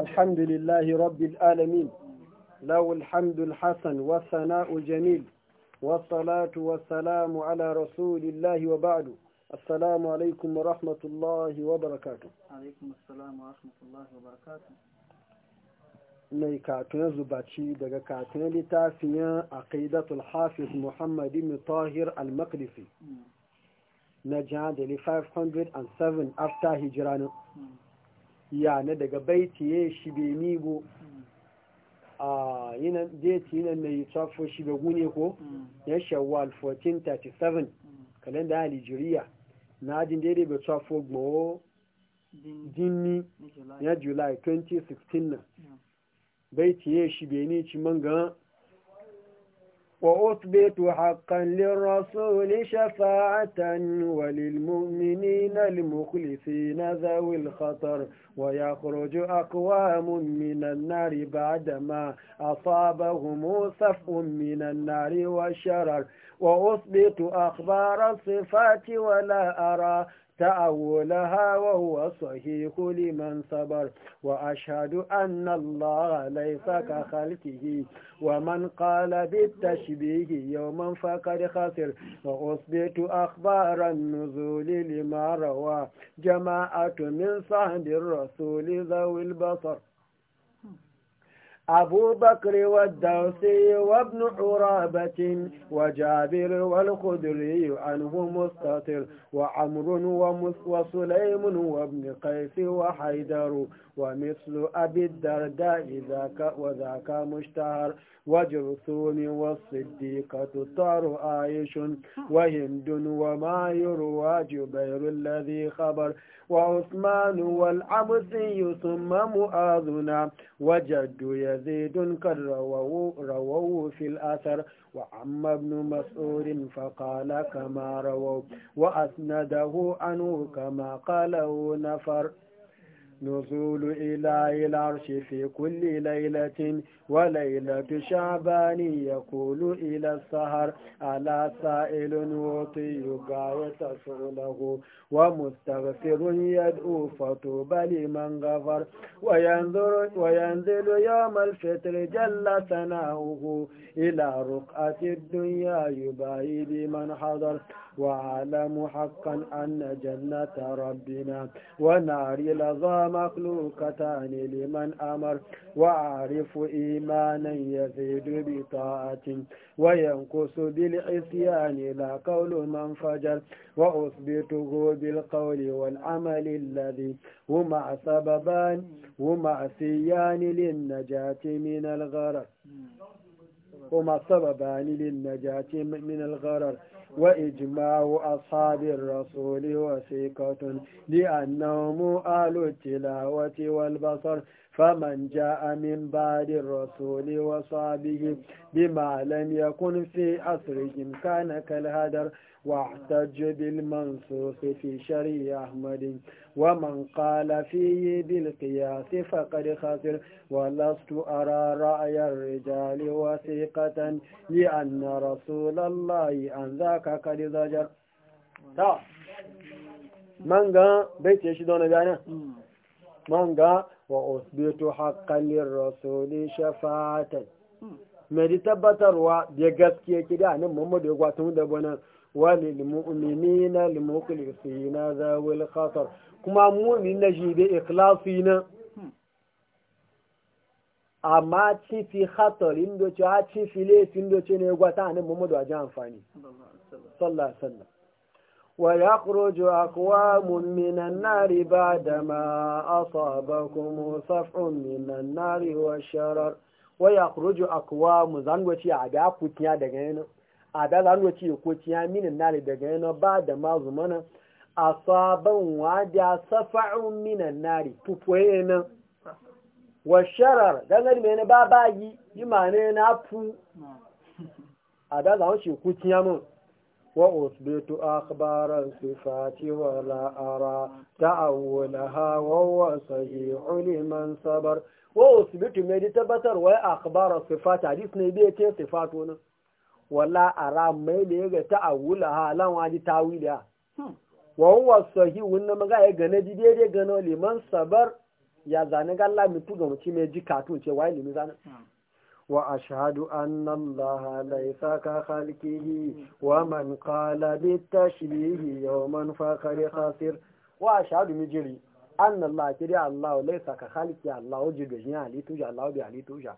الحمد لله رب العالمين له الحمد الحسن والثناء الجميل والصلاة والسلام على رسول الله وبعد السلام عليكم ورحمة الله وبركاته عليكم السلام ورحمة الله وبركاته mai katun zubaci daga katun littafiyan aqidatul hafiz muhammad ibn tahir al-maqdisi na jihar 507 after hijiranin ya na daga baiti ya shi be mibo a yinan deti yinan na yi tsofo shi be gune ko ya shawwal 1437 kalenda alijiriya na ajin daidai be tsofo gbawo dini ya july 2016 na baiti ya shi be ni ci man gan وأثبت حقا للرسول شفاعة وللمؤمنين المخلصين ذوي الخطر ويخرج أقوام من النار بعدما أصابهم صفء من النار والشرر وأثبت أخبار الصفات ولا أرى تأولها وهو صحيح لمن صبر وأشهد أن الله ليس كخلقه ومن قال بالتشبيه يوما فقد خسر وأثبت أخبار النزول لما روى جماعة من صهد الرسول ذوي البصر أبو بكر والدوسي وابن حرابة وجابر والخدري عنه مستطر وعمر وسليم وابن قيس وحيدر ومثل أبي الدرداء ذاك وذاك مشتهر وجرثوم والصديقة طار عايش وهند وما يروى جبير الذي خبر وعثمان والعبسي ثم مؤاذنا وجد يزيد قد رووا في الأثر وعم ابن مسعود فقال كما رووا وأسنده عنه كما قاله نفر نزول إلى العرش في كل ليلة وليلة شعبان يقول إلى السهر على سائل وطي غاية شغله ومستغفر يدعو فطوبى لمن غفر وينظر وينزل يوم الفطر جل ثناؤه إلى رقعة الدنيا يباهي بمن حضر وأعلم حقا أن جنة ربنا ونار لظى مخلوقتان لمن أمر وأعرف إيمانا يزيد بطاعة وينقص بالعصيان لا قول من فجر وأثبته بالقول والعمل الذي هما سببان هما سيان للنجاة من الغرر هما سببان للنجاة من الغرر وإجماع أصحاب الرسول وثيقة لأنهم آل التلاوة والبصر فمن جاء من بعد الرسول وصابه بما لم يكن في عصرهم كان كالهدر واحتج بالمنصوص في شريع أحمد ومن قال فيه بالقياس فقد خسر ولست أرى رأي الرجال وثيقة لأن رسول الله أن ذاك قد زجر من قال بيت يشدون بيانا من قال وأثبت حقا للرسول شفاعة mai tabbatarwa da gaskiya kida nan Muhammadu ya gwatun da wani walil mu'minina lil muqlisina zawil khatar kuma mumin na shi da ikhlasi na amma ci fi hatarin doce a ci fi laifin doce ne gwata nan muhammadu a ji amfani sallah sallah wa ya kurojo akwa mumminan nari ba da ma a saba kuma safin minan nari wa sharar wa ya kurojo akwa mu zangoci a ga kutiya daga yana a da zangoci ya kutiya minan nari daga yana ba da ma zumana asaban wada safa'un minan nari tupoye na wa sharar dangar mai na babagi yi mane na fu a da zawon shi kuciya mun wa usbitu akhbaran sifati wa la ara ta'awulaha wa huwa sahihu liman sabar wa usbitu mai tabbatar wa akhbaran sifati hadis ne bai ce sifatu nan wala ara mai ne ga ta'awulaha lan waji tawiliya wa huwa sahihu na maga ya gane ji daidai gano liman sabar ya zane ga Allah mutu ga mutum mai ji katun ce wai limi zane hmm. wa ashhadu anna Allah laysa ka khalqihi hmm. wa man qala bi tashbihi yawman fa khari khasir wa ashhadu mijri anna Allah kiri Allah laysa ka khalqi Allah wajib bi jin ali tuja Allah bi ali tuja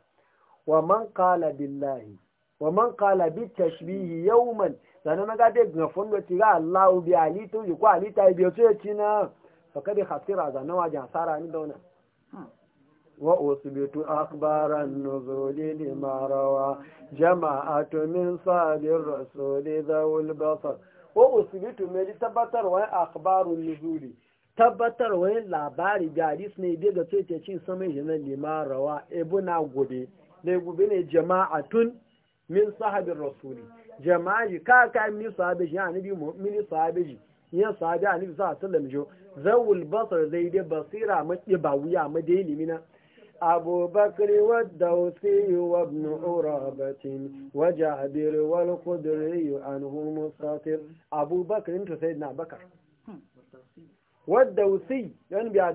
wa man qala billahi wa man qala bi tashbih yawman sanan ga de ga fondo ti ga Allah bi ali to ji ko ali ta bi to ti na fa bi khatira za na waje sara ni dauna hmm. wa usbitu akhbaran li ma rawa jama'atu min sadir rasul zawul basar wa usbitu me tabatar wa akhbarun nuzuli tabbatar wa labari ga hadis ne daga to ce cin sama jinan ma rawa ebuna gobe ne gobe ne jama'atun min sahabin rasuli jama'i ka ka min sahabi shi anabi min sahabi shi ya sahabi bi sa sallam jo zawul basar zai dai basira ma ba wuya ma dai limina بكر والدوسي وابن عرابة وجابر والقدري عنه مستطر أبو بكر أنت سيدنا بكر والدوسي يعني بيع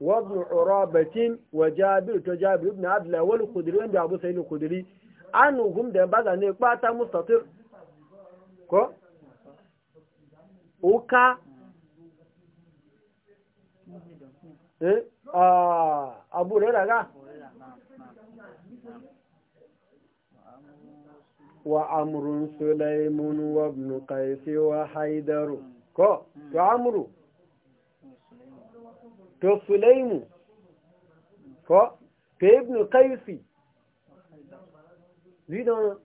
وابن عرابة وجابر تجابر ابن عبد الله والخدري عند أبو سعيد الخدري عنهم ده بعد أن يقطع مستطر كو وكا إيه آه أبو ريرا وعمر سليم وابن قيس وحيدر كو وعمرو to Sulaimu ko to Ibn Qaisi zidan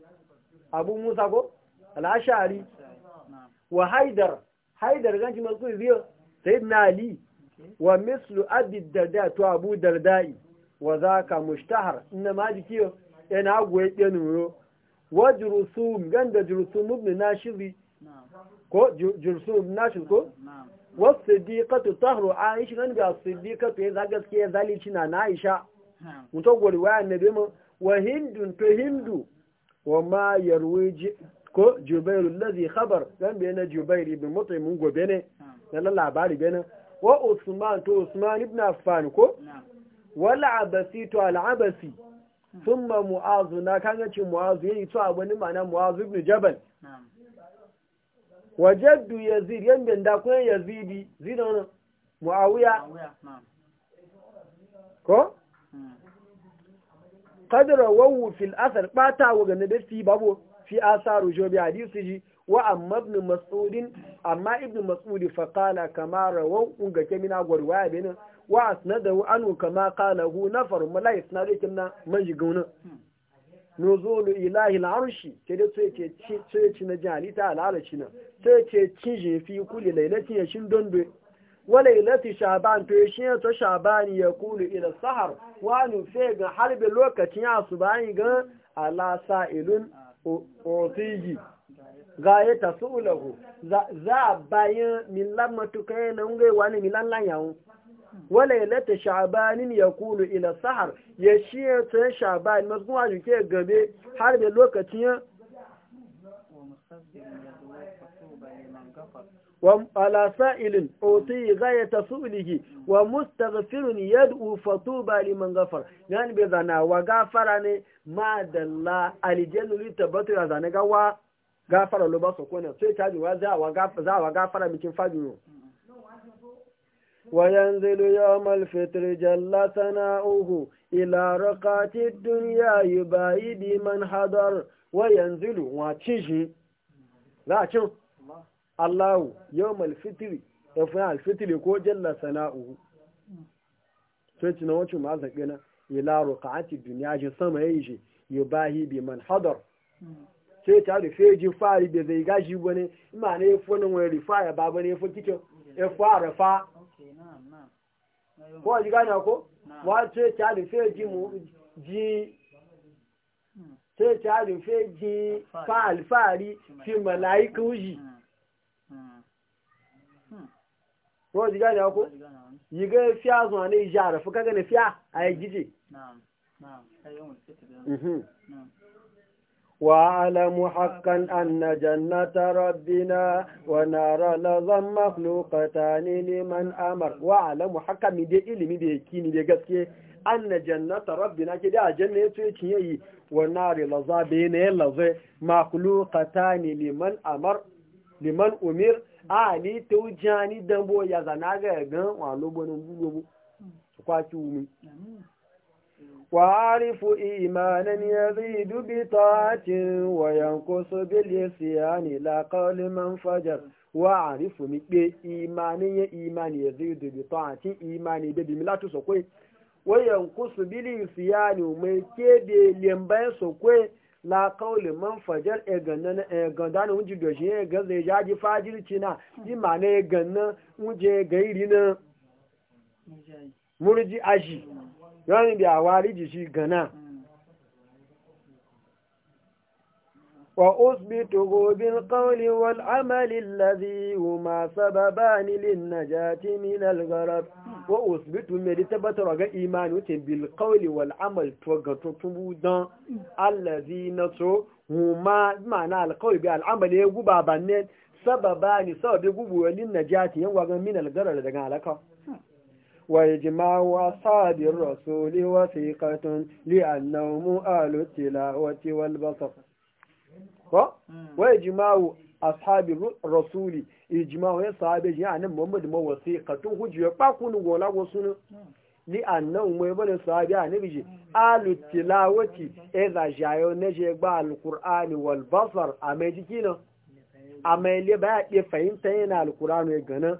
Abu Musa ko al'ashari wa Haidar Haidar ganci masu Ta yi Ali wa mislu da da to Abu Dardai wa za ka mushtahar ina ma dikiyo yana goye nuro wa jirusu ganda jurusum na shiri ko na shiri ko wasu siddiqatu tahru aisha kan ga siddiqatu ya ya zalici na na aisha mutum gwari waya na bimu wa hindun to hindu wa ma yarwi ko jubairu lazi khabar zan bai na jubairu ibn mutum mun gobe ne na labari bene wa usman to usman ibn affan ko wal abasi to al sun thumma mu'azu na kan ga ci mu'azu yayi to abani ma'ana mu'azu ibn jabal wajaddu yazid yanda da kun yazidi zina wannan muawiya ko qadra wawu fil athar bata wa ga da fi babu fi asaru jobi hadisi ji wa amma ibn mas'ud amma ibn mas'ud fa qala kama rawu ga kemina gwarwaya benin wa asnadahu anhu kama qala hu nafar mala'is na rikin na nuzulu ilahi al'arshi sai dai sai ce sai ce na jalita al'arshi na sai ce cin jefi kulli lailatin yashin dondo wa ilati shaban to shi ya to shaban ya kulu ila sahar wa nu ga harbe lokacin ya su bayin ga ala sa'ilun otiji ga ya tasulahu za bayan millan matukai nan ngai wani millan lan yawo walailata sha'banin ya kunu ila sahar ya shiye ta sha'ban masuwa ke gabe har da lokacin ya walasa ilin otu yi gaya ta wa mustaghfirun yad'u fatuba liman ghafar yani be zana wa gafara ne ma dalla alijanu li tabbatu zana gawa gafara lo ba kone sai ta ji wa za wa gafara mikin fajuru وينزل يوم الفطر جل ثناؤه إلى رقات الدنيا يبايد من حضر وينزل واتشجي لا شو الله يوم الفطر يفعل الفطر يقول جل ثناؤه sai وشو wacce قلنا إلى رقات الدنيا ruqati duniya يبايد من حضر sai ta rufe ji fari da zai gashi wani ma na ya fi wani rufa ya ba ya fi kicin ya fara fa ko ji gane ko wa ce ta rufe ji mu ji ce ta rufe ji fa alfari fi malaiku hmm. hmm. hmm. ji ko ji gane ko yi ga fiya zuwa ne jara fuka gane fiya a yi gije na'am na'am ayyun sai ta وأعلم حقا أن جنة ربنا ونار لظم مخلوقتان لمن أمر وأعلم حقا من دي إلمي دي كيني دي قسكي أن جنة ربنا كده جنة تيكي ونار لظى بين لظى مخلوقتان لمن أمر لمن أمر أعلي توجاني دنبو يزناغ يغن وعلو بنبو بو سقاتي أمي وعرف إيمانا يزيد بطاعة وينقص باليسيان لا قول من فجر وعارف إيمانا إيمان يزيد بطاعة إيمان يزيد بملاته سكوي وينقص باليسيان ومكيب لينبين سكوي la kawulin man fajar e ganda na wunji doshi ya ga zai jaji fajirci na ji ma na ya gairi na muriji aji yawon biya waliji shi gana wa usbitu gobin kawli wal amalin lazihu ma sababa ni lin na jati min algarar wa usbitu mai di tabbatar ga imani wuce bil kawli wal amal to ga tutubu don allazi na so mu ma mana alkawai bi al'amali ya guba ba ne sababa ni sababi wa lin na jati yan gwagon min da daga alaka وإجماع أصحاب الرسول وثيقة لأنهم أهل التلاوة والبصر وإجماع أصحاب الرسول إجماع أصحاب يعني محمد ما وثيقة هجوة باكون ولا وصول لأنهم يبنى صحابي عن نبيجي أهل التلاوة إذا جاءوا نجي القرآن والبصر أما يجينا أما يلي بقى يفهم تين القرآن ويقنا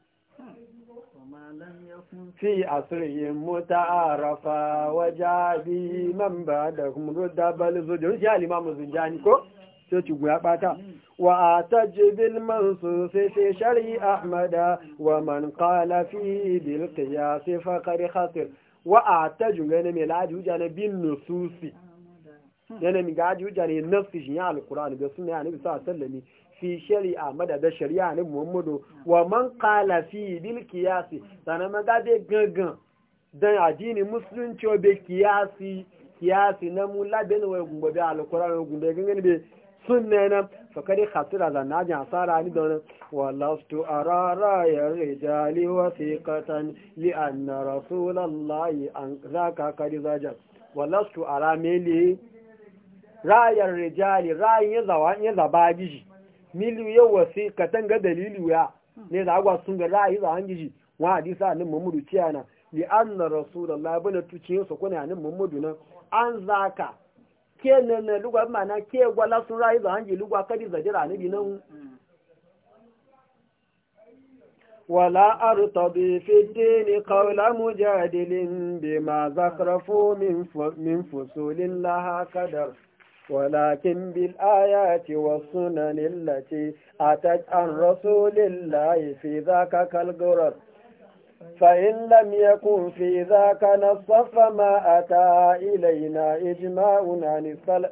في عصره متعارفا وجاء به من بعدهم رد بل زجر يا الإمام الزنجاني كو تتقوا يا باتا وأعتج بالمنصوص في شري أحمد ومن قال فيه بالقياس فقر خطر وأعتج من العجو جانا بالنصوص يعني من قاعد hujja ne nafsi القرآن ya alkur'ani da sunna ya nabi fi shari'a madada shari'a ni muhammadu wa man kala fi bil qiyasi sanan magabe gangan dan addini musulunci be kiyasi kiyasi na mu labin wa gumba be alquran gumba gangan be sunna na fakari khasira da najin asara ni da wallastu arara ya rijali wasiqatan li anna rasulallahi an zaka kadi zaja wallastu ara mele rayar rijali rayin yin zaba gishi milu yau wasi ka ga dalilu ya ne da agwa sun ga ra'ayi za an gishi wa hadisa nan mamudu ciyana li anna rasulullah tuci yin su a nan mamudu nan an zaka ke nan na lugwa mana ke gwala sun ra'ayi za an gi lugwa kadi zadira nabi nan ولا أرتضي في الدين قول مجادل بما زخرفوا من فصول لها كدر ولكن بالآيات والسنن التي أتت عن رسول الله في ذاك كالقرر فإن لم يكن في ذاك نص فما أتى إلينا إجماع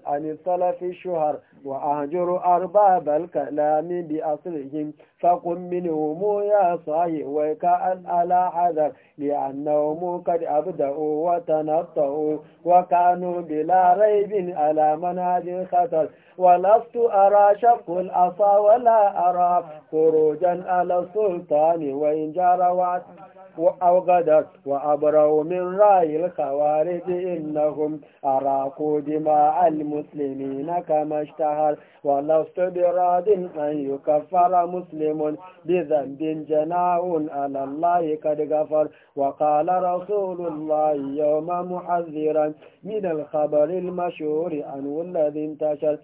عن السلف الشهر وأهجر أرباب الكلام بأصلهم فقم منهم يا صاحي وكأن على حذر لأنهم قد أبدأوا وتنطؤوا وكانوا بلا ريب على منهج الخطر ولست أرى شق الأصى ولا أرى خروجا على السلطان وإن جار وعد وأوغدت وأبروا من رأي الخوارج إنهم أراقوا دماء المسلمين كما اشتهر ولست براد أن يكفر مسلم بذنب جناه على الله قد غفر وقال رسول الله يوم محذرا من الخبر المشهور عنه الذي انتشر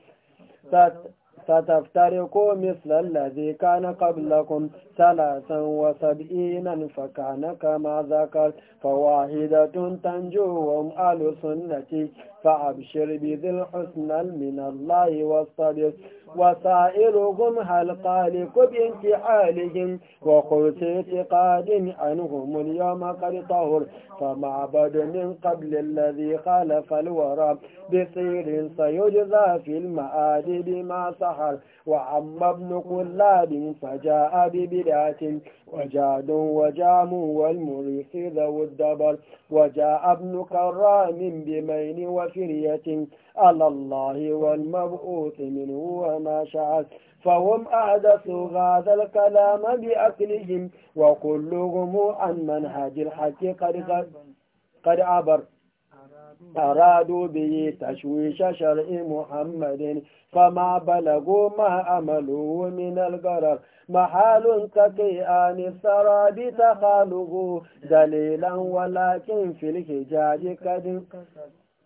ستفترقوا مثل الذي كان قبلكم ثلاثا وسبعين فكان كما ذكر فواحدة تنجوهم أهل سنتي فأبشر بذي الحسنى من الله والصبر وسائرهم هل قالك بانتحالهم وقلت اعتقاد عنهم اليوم قد طهر فمعبد من قبل الذي خالف الورى بصير سيجزى في المآد بما سحر وعم ابن قلاب فجاء ببدعة وجاد وجام والمريخ ذو الدبر وجاء ابن كرام بمين وفرية على الله والمبعوث منه وما شاءت فهم أحدثوا هذا الكلام بأكلهم وكلهم عن منهج الحق قد, قد عبر أرادوا به تشويش شرع محمد فما بلغوا ما عملوا من القرار محال تقيان السراب تخاله دليلا ولكن في الحجاج قد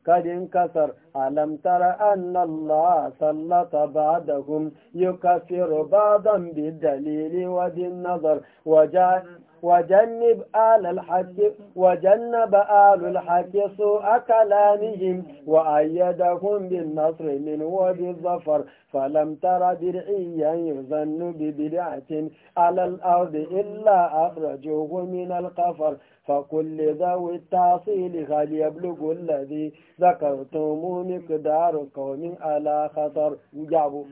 قد انكسر ألم تر أن الله سلط بعدهم يكفر بعضا بالدليل وبالنظر وجاء وجنب آل الحق وجنب آل الحق سوء كلامهم وأيدهم بالنصر منه وبالظفر فلم تر درعيا يظن ببدعة على الأرض إلا أخرجوه من القفر فكل ذوي التعصيل يبلغ الذي ذكرتم مقدار قوم على خطر جابوا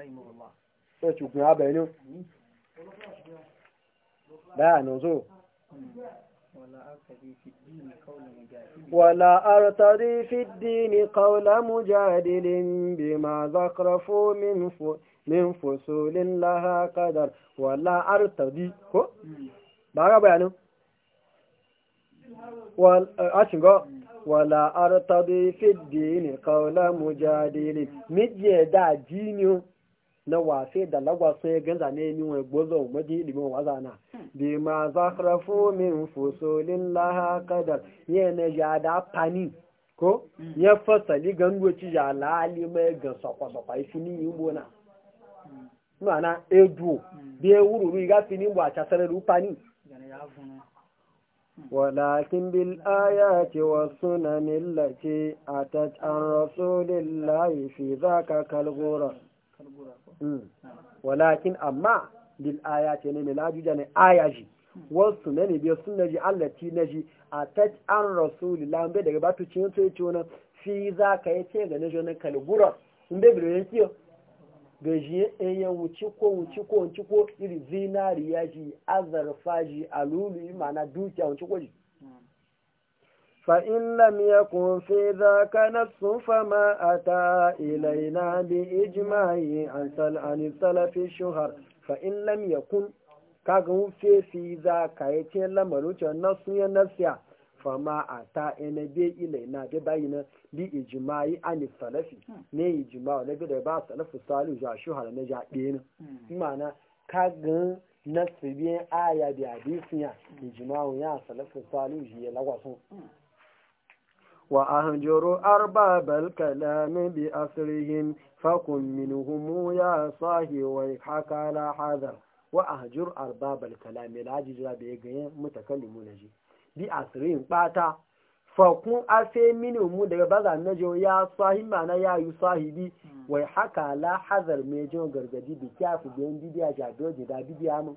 أي الله. da no ولا أرتضي في الدين قول مجادل بما زخرفوا من من فصول لها قدر ولا أرتضي كو بقى بيانو ولا ولا أرتضي في الدين قول مجادل مجدا دينيو na wafe da lagwaso ya ganza ne ni wani gozo maji ilimin wazana hmm. bi ma zakrafu min fusolin laha kadar yana ya da fani ko hmm. ya fasali gangoci ya lali mai ga sakwasakwa hmm. fi ni yi na na, edu biya wururu ya fi ni ba ta sarar rufani ولكن بالآيات والسنن التي أتت عن رسول الله في ذاك كالغرر Hmm. walakin amma lil ce ne ne lajuja ne ayaji hmm. wasu ne ne biyo sun naji na ji a taj an rasulillah bai daga batu cin to yace wannan fi za ka ce ga najo na kalgura in bai bilo yake ga ji yan wuci ko wuci ko wuci ko iri zinariya ji azarfa ji alulu imana dukiya wuci ko ji فإن لم يكن في ذاك نفس فما أتى إلينا بإجماع عن السلف الشهر فإن لم يكن كاغو في في ذاك يتي لمروج النص ينسيا فما أتى إن بي إلينا ببين بإجماع عن السلف ني إجماع لبدا با سلف الصالح جاء شهر نجا دين معنى كاغن نصبين آية بحديثنا إجماع يا سلف الصالح جاء لغوصون وأهجر أرباب الكلام بأسرهم فكن منهم يا صاحي ويحك على حذر وأهجر أرباب الكلام لا جزا بيغي متكلمون جي بأسرهم باتا fakun afe mini mu daga baza na jo ya sahi mana ya yi sahibi wai haka la hazar mai jin gargadi bi don biyan bibiya ja doji da bibiya mu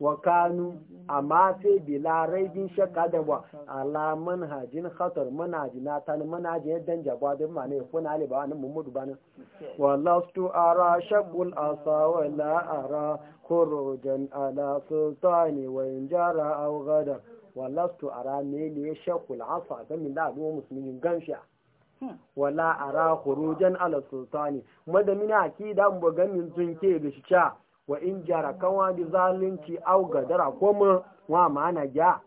wa kanu amma sai bila raibin shakka da wa ala manhajin khatar manhajina ta manhajin yadda jaba da ma ne kuna ne ba nan mummudu ba nan wallastu ara shaqul asa wa la ara khurujan ala sultani wa in jara aw gada wallastu ara ne ne shaqul asa da min da mu musulmin gansha wala ara khurujan ala sultani madamina akida mu ga min zunke da shi cha wa in jara kawa bi zalunci au gadara mu wa ma'ana ja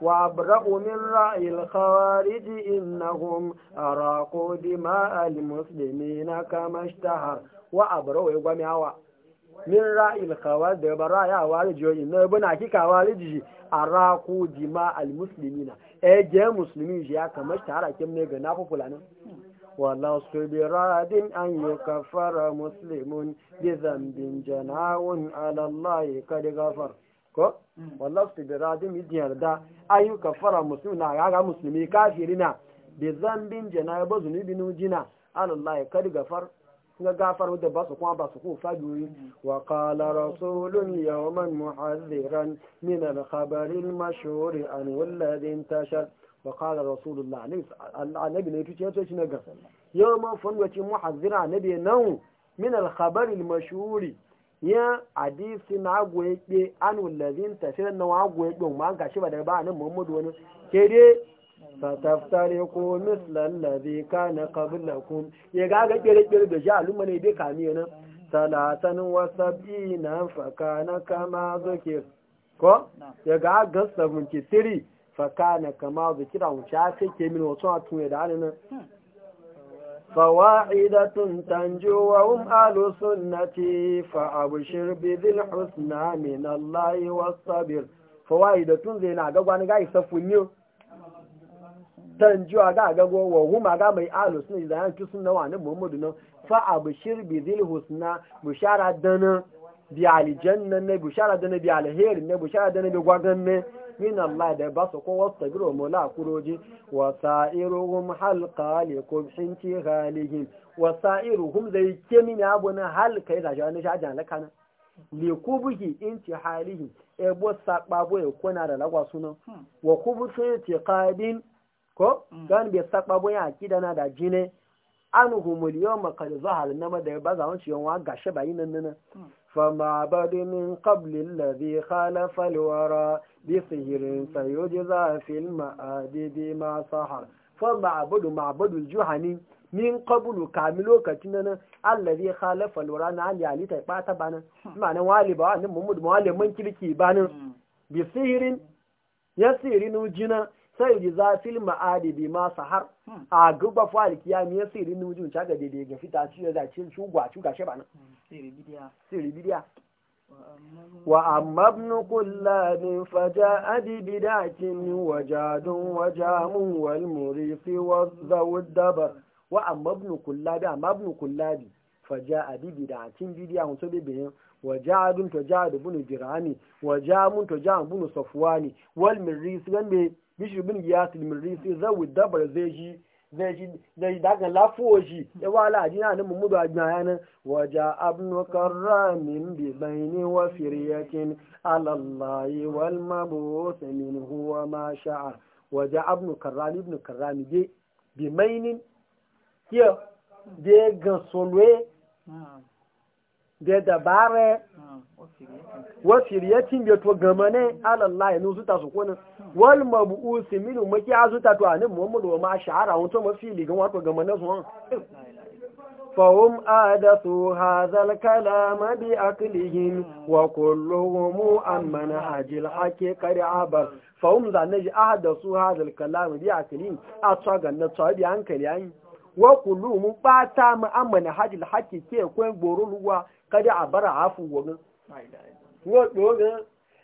wa abra'u min ra'il khawarij innahum araqu dima'al muslimina kama ishtahar wa abra'u ya min ra'il khawarij da ba ra'aya warijo inna ibn hakika wariji araqu dima'al muslimina e je muslimi ya kama ishtahar kin ne ga nafu fulanin ولست براد أن يكفر مسلم بذنب جناه على الله قد غفر ko wallahi bi radin yidin yarda ayu kafara muslimina ya ga muslimi kafirina bi zambin jana ba zunubi nujina Allah ya kadi gafar ga gafar da ba su kuma ba su ku fadiyoyi wa qala rasulun yawman muhadhiran min al-khabari al-mashhur an walladhi intashar فقال رسول الله النبي ne tuce yato shi naga yau man fanwaci muhazzira nabi nan min al-khabar al-mashhuri ya hadisi na goyebe an wallazin tafsir na wa goyebe ma ga shi ba da ba nan Muhammadu wani ko dai fataftariku mislan ladhi kana qablakum ya ga ga kire kire da shi alumma ne dai kamiyo nan salatan wa sab'ina fa kana kama zikir ko ya ga ga 73 fakana kama zikira wuce ya ke min wasu a tuye da hannun fawa'idatun tanjo wa hum alu sunnati fa abushir bidil husna min allahi wasabir fawa'idatun zai na gagwa ni ga isa funyo tanjo a ga gagwa wa hum a ga mai alu sunnati da yanki na wa ni muhammadu nan fa abushir bidil husna bushara dana bi aljanna ne bushara da ne bi alheri ne bushara da ne bi gwagan ne min Allah da ba su kun wasu tabiru mola kuroji wa sa'iruhum halqa li kubhin tihalihim wa sa'iruhum zai ke min abu na halqa ya sha wani la kana li in ti halihim e bo sakpabo e na da lagwa suna wa ti qadin ko mm. gan bi bo ya akida na da jine anhumul yawma qad zahal nama da ba zaman ciyon wa gashe bayinan nan mm. فمعبد من قبل الذي خالف الورى بصهر فيجزى في المآد بما صحر فمعبد معبد الجهني min kabulu kami lokacin nan zai khalafa alwara na ali ali ta bata bana ma'ana wali ba annabi Muhammad malamin kirki bana bi sihirin ya sirinu jina sai ji zafil ma'adi bi ma sahar a guba alkiyami ya sirinu jin ta ga dede ga fita ci da cin shugwa shuga she siri wa amma ibn kullabin faja adi wajadun wajamun wal murifi wa zawud dabar wa amma ibn kullabi amma ibn kullabi faja adi bidiya hun so bebeyin wajadun to jadu bunu jirani wajamun to jamun bunu wal bishir bin zai shi zai daga lafi shi ya wa a na nan mummudu a jina yanar waje abnukan ramin bi bayani wa firiyakin alallahi wal mabusa min huwa ma sha'ar waje abnukan rami ibn rami bi mainin ya da solwe hmm. da dabara wa firyatin bai to gama ne alallahi nu su ta su kunin wal mabu'usi minu maki azu ta to anin muhammadu wa ma shahara wato mafi ligan wato gama ne su فهم آدثوا هذا الكلام بأكلهم وكلهم عن منهج الحقيقة na فهم ذنج أحدثوا هذا yi wa أتشغى النتشغى عنك لأن amana باتام kada a bara hafu wogin wogin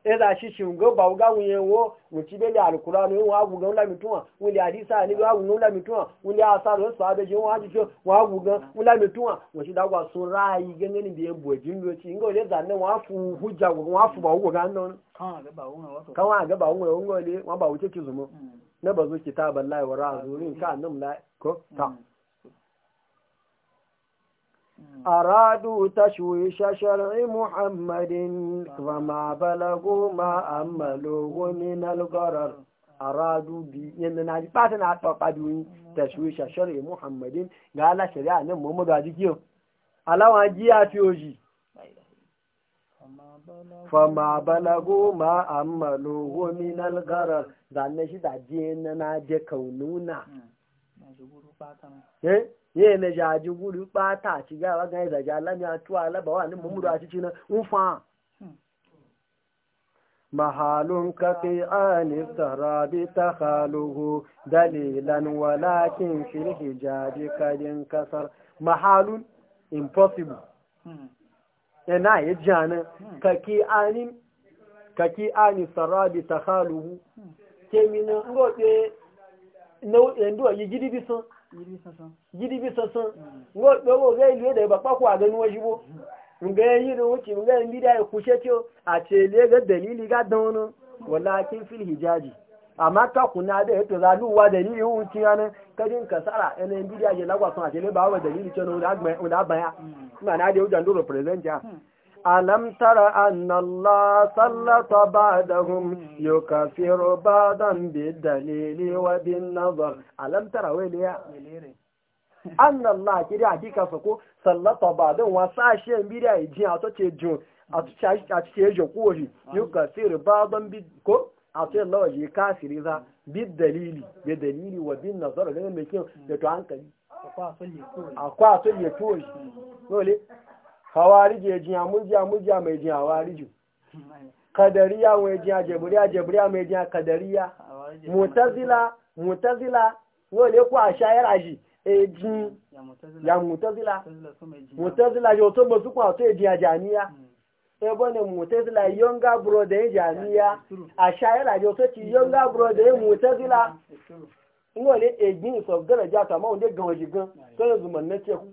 ila shi shi ngo ba uga wunye wo muci bele alkurani wo agu ga ula mituwa wuli hadisa ni ga agu ula mituwa wuli asaru wo sabe je wo aji jo wo agu ga ula mituwa wo shi dagwa so rai genge ni biye bojin lo ci ngo le zanne wa fu huja wo wa fu ba ugo ga non kan ga ba wunwa wato kan ga ba wunwa ngo le wa ba wuce ki zumo mm. na bazo kitaballahi wa razurin ka annam la ko ta mm. أرادوا تشويش شرع محمد وما بلغوا ما أملوه من الغرر أرادوا بيننا باتنا تقدوا تشويش شرع محمد قال شريعة محمد هذه على وجهة فيوجي فما بلغوا ما أملوه من algharar ذا نشي da je na je kaununa eh yẹ́ ẹ̀nà ìyàjú wúrí pátá àti ìyá àwọn gan ìdàjà alámi àtú alábàáwà ní mọ̀múdù àti china ń fa mahalun kafi ani sarabi ta haluhu dalilan walakin fil hijabi kadin kasar mahalun impossible yana hmm. ya jana hmm. kaki ani kaki ani sarabi ta haluhu hmm. kemina ngote nau'in duwa yi gidi bisan jiribi sassan gbogbo ga ilu da ba kwakwa a gani waje bo nga yi da wuce nga yi ụ. ya a cele ga dalili ga daunin walakin fil hijaji ka kuna za lagwa a cele ba wa na wuda baya ma na da jan ya ألم تر أن الله سلط بعدهم يكفر بعضا بالدليل وبالنظر ألم تر ويليا أن الله كده عديك فكو سلط بعدهم وساشي ميريا يجي أتو تجون أتو تجون قوشي يكفر بعضا بالكو أتو الله يجي كافر إذا بالدليل بالدليل وبالنظر لأنه مكين يتو عنك أقوى أصلي توشي hawariji ya jiya murjiya murjiya mai jiya hawariju kadariya mai jiya jeburiya jeburiya mai jiya kadariya mutazila mutazila yau ne ku a shayar aji eji ya mutazila mutazila yau to basu kwa to eji ajaniya e, hmm. e ne mutazila yonga brother da e ajaniya a shayar aji to ci yonga brother e mutazila ngo ne ejin so garaja ta ma onde gawaji gan to zuman na ti ku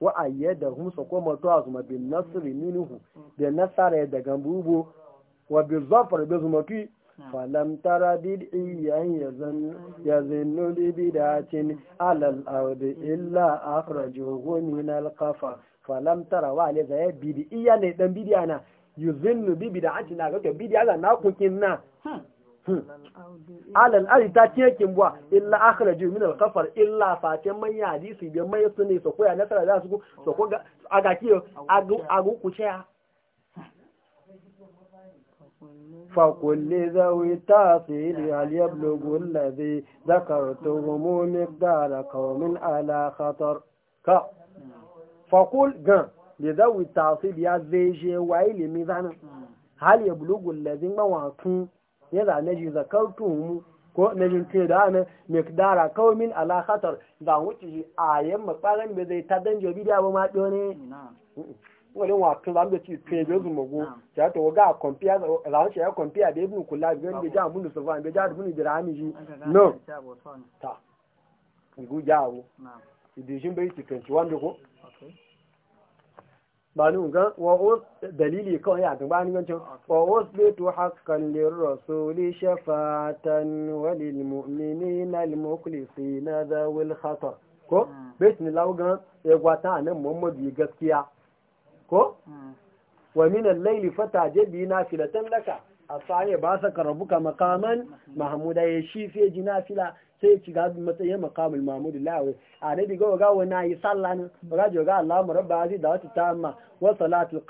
wa to sakamatu azuma bin nasri minhu da nasara daga gambubo wa bi zafar bi zumaki falam tara bid'iyan yazan yazannu bi bid'atin alal ardi illa akhrajuhu min al-qafa falam tara wa alai zai bid'iya ne dan bid'iya na yuzinnu bi bid'atin na ga bid'iya na kokin na hmm. Hmm. alal ari ta ce yakin buwa illa akhra ji min al-kafar illa fatin man ya hadisi bi mai sunne so koya nasara za su oh. so ko aga kiyo agu agu ku ce fa kulli zawi tasili hal yablughu alladhi dhakartuhu miqdara qawmin ala khatar ka hmm. fa kul gan li zawi tasili ya zeje wa ilimi zanan hmm. hal yablughu alladhi ma wa tun ya za na ji zakartuhu ko na jin ce da ana mikdara kaumin ala khatar da wuce a yamma matsarin da zai ta danjo bidiya ba ma ɗo ne wani wato za mu da ci tsaye bai zuma go ya to ga kompiya za mu ya kwamfiya da ya bin kula bi wanda ja mun su fa da ja mun da rami ji no ta igu jawo idishin bai ci wanda ko ba nu ga wa dalili kawai a gaba ni gancin wa usbitu haqqan rasuli shafatan lil mu'minina al mukhlisina wal khatar ko hmm. bismillah ga e gwata nan muhammadu gaskiya ko hmm. wa min al-layli fatajabi nafilatan laka asaye ba sa rabuka makaman hmm. mahmuda ya shi fi jinafila sai ci ga matsayin makamul mamudu la'awai a nabi ga ga wani yi sallah nan ga jo ga Allah mu rabba aziz da wata tamma wa salatu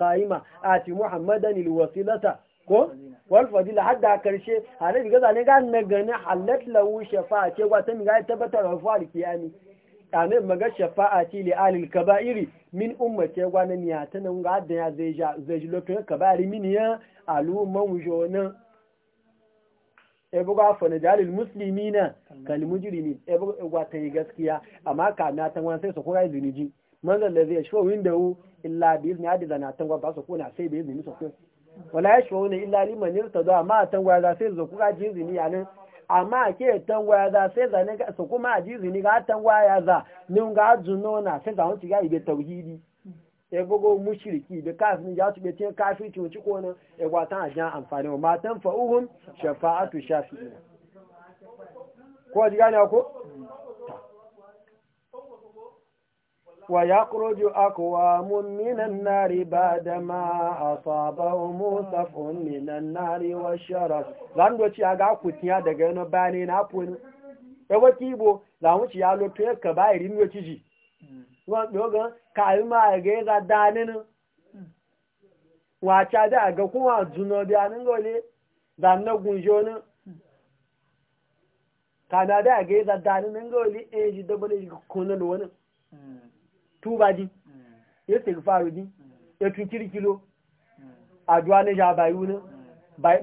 a ti muhammadan ilwasilata ko walfadila fadila karshe a nabi ga zane ga na gani halat lahu shafa'a ce wa mi tabbatar wa fa a ane maga shafa'a ce li alil kaba'iri min ummati gwanan ya nan ga adana zai ji lokacin kaba'iri min ya alu nan ebe ga fa na jalil muslimi na kal mujrimi ebe ga ta yi gaskiya amma ka na tan wani sai su kura zuniji man zan da zai shi illa bi izni adida na tan ba su kuna sai bi izni su kun wala ya shi wani illa liman yirtada amma tan gwa za sai su kura jizini yanin amma ke tangwaya za sai zane su kuma a jizini ga tangwaya za nun ga juno na sai za wuce ga ibe tauhidi ya bugo mushriki da kafin ya su betin kafirci wuce ko nan ya gwata a jan amfani wa matan fa'uhun shafa'atu shafi'ina ko ji gane ko wa ya kuroju akwa minan nari ba da ma a sabon musafin minan nari wa sharas zandoci a ga kutiya daga yana bayanai na funi ya wata ibo zamuci ya lotu ya ka bayi rinuwa ciji na tó gan kàrí máa rẹ̀ ra dáa nínú wọ́n àtàdé àgẹ́kún wọn àdúnà bí anúgọ́lé dánágun yónú kàdádé àgẹ́ ra dáa nínú ngọ́lé èyí dọ́gbọ́lé na lọ́wọ́nà túbájí yóò tẹ̀kù fàrùdí ètù kìrìkìlò àdúrà ní ṣàbàyú náà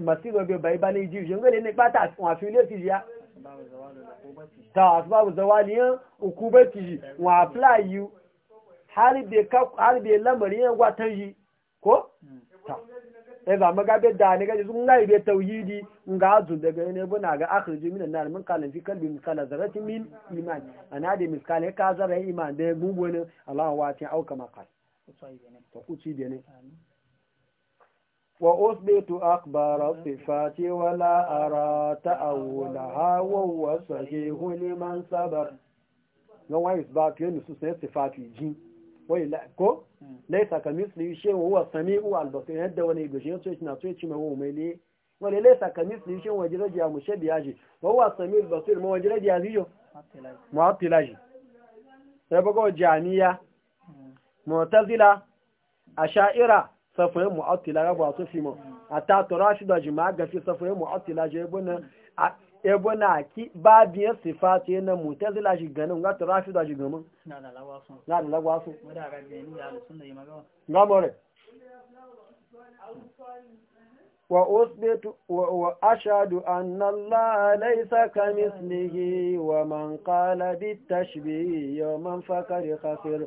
màsílọ́bẹ̀ bàyí bá fi ìjírí ta asbabu zawali yan ukubati wa apply yi har bai ka har lamari yan gwatan yi ko ta eh ba maga be da ne gaji sun ga be tauhidi nga azun daga ne buna ga jimin na nar min kana fi kalbi miskala zarati min iman ana da miskala ka zara iman da gugu ne Allah wa ta auka maka to uci bene to uci bene wa usbitu akhbara sifati wa la ara ta'awula hawa wa sahihu liman sabar no why is back you to hmm. say sifati jin wa la ko laysa ka mithli shay wa huwa sami'u al basir hadda wa ni gushin sai na sai chi ma wa mai ne wa laysa ka mithli shay wa jiraji ya mushabbi ya ji wa huwa sami'u al basir ma wa jiraji ya ziyo mu'attila ji sai ba ko jamiya mu'tazila asha'ira safayin mu'attila ga ba fi mu a ta tora shi da jima'a gafi safayin mu'attila je ebo na ki ba biyan sifati yana mutazila shi ganin ga tora shi da shi gamin na da lagwasu ga more وأثبت وأشهد أن الله ليس كمثله ومن قال بالتشبيه ومن فكر خسر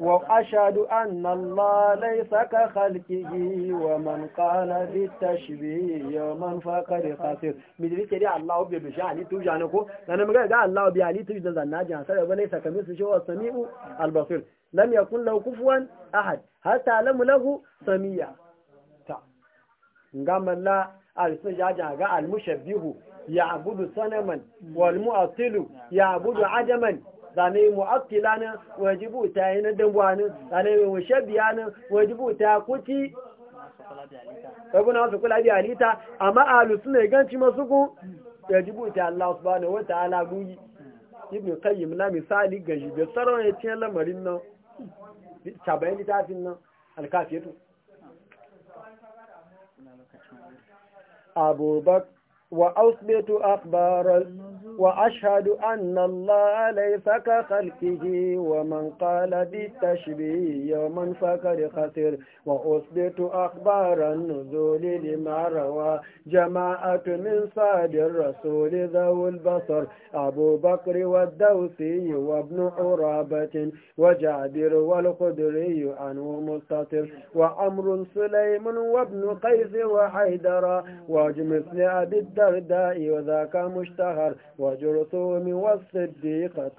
وأشهد أن الله ليس كخلقه ومن قال بالتشبيه ومن فكر خسر مدري كده الله بيبشعني توجعنكو لأنا مقال الله بيعني توجد ذا الناجع سرع وليس كمثله هو السميع البصير lam yakun lahu kufuwan ahad har ta lamu lahu samiya ta ngamalla al-sajja ga al-mushabbihu ya'budu sanaman wal mu'attilu ya'budu ajaman zane mu'attila ne wajibu ta yi na dabuwa ne zane mushabbiya ne wajibu ta kuti ɗagunan wasu kula biya halitta amma alusu ne ganci masu ku yajibu ta Allah subhanahu wa ta'ala guyi ibn qayyim na misali ga jibe tsaron ya ce lamarin nan cabayin littafin nan alkafi yato abubakar وأثبت أخبارا وأشهد أن الله ليس كخلقه ومن قال بالتشبيه يوما فقد خسر وأثبت أخبار النزول لما روى جماعة من صاد الرسول ذو البصر أبو بكر والدوسي وابن عرابة وجابر والخدري عنه مستطر وعمر سليم وابن قيس وحيدر وجمثل أبي الدوسي الدرداء وذاك مشتهر وجرثوم والصديقة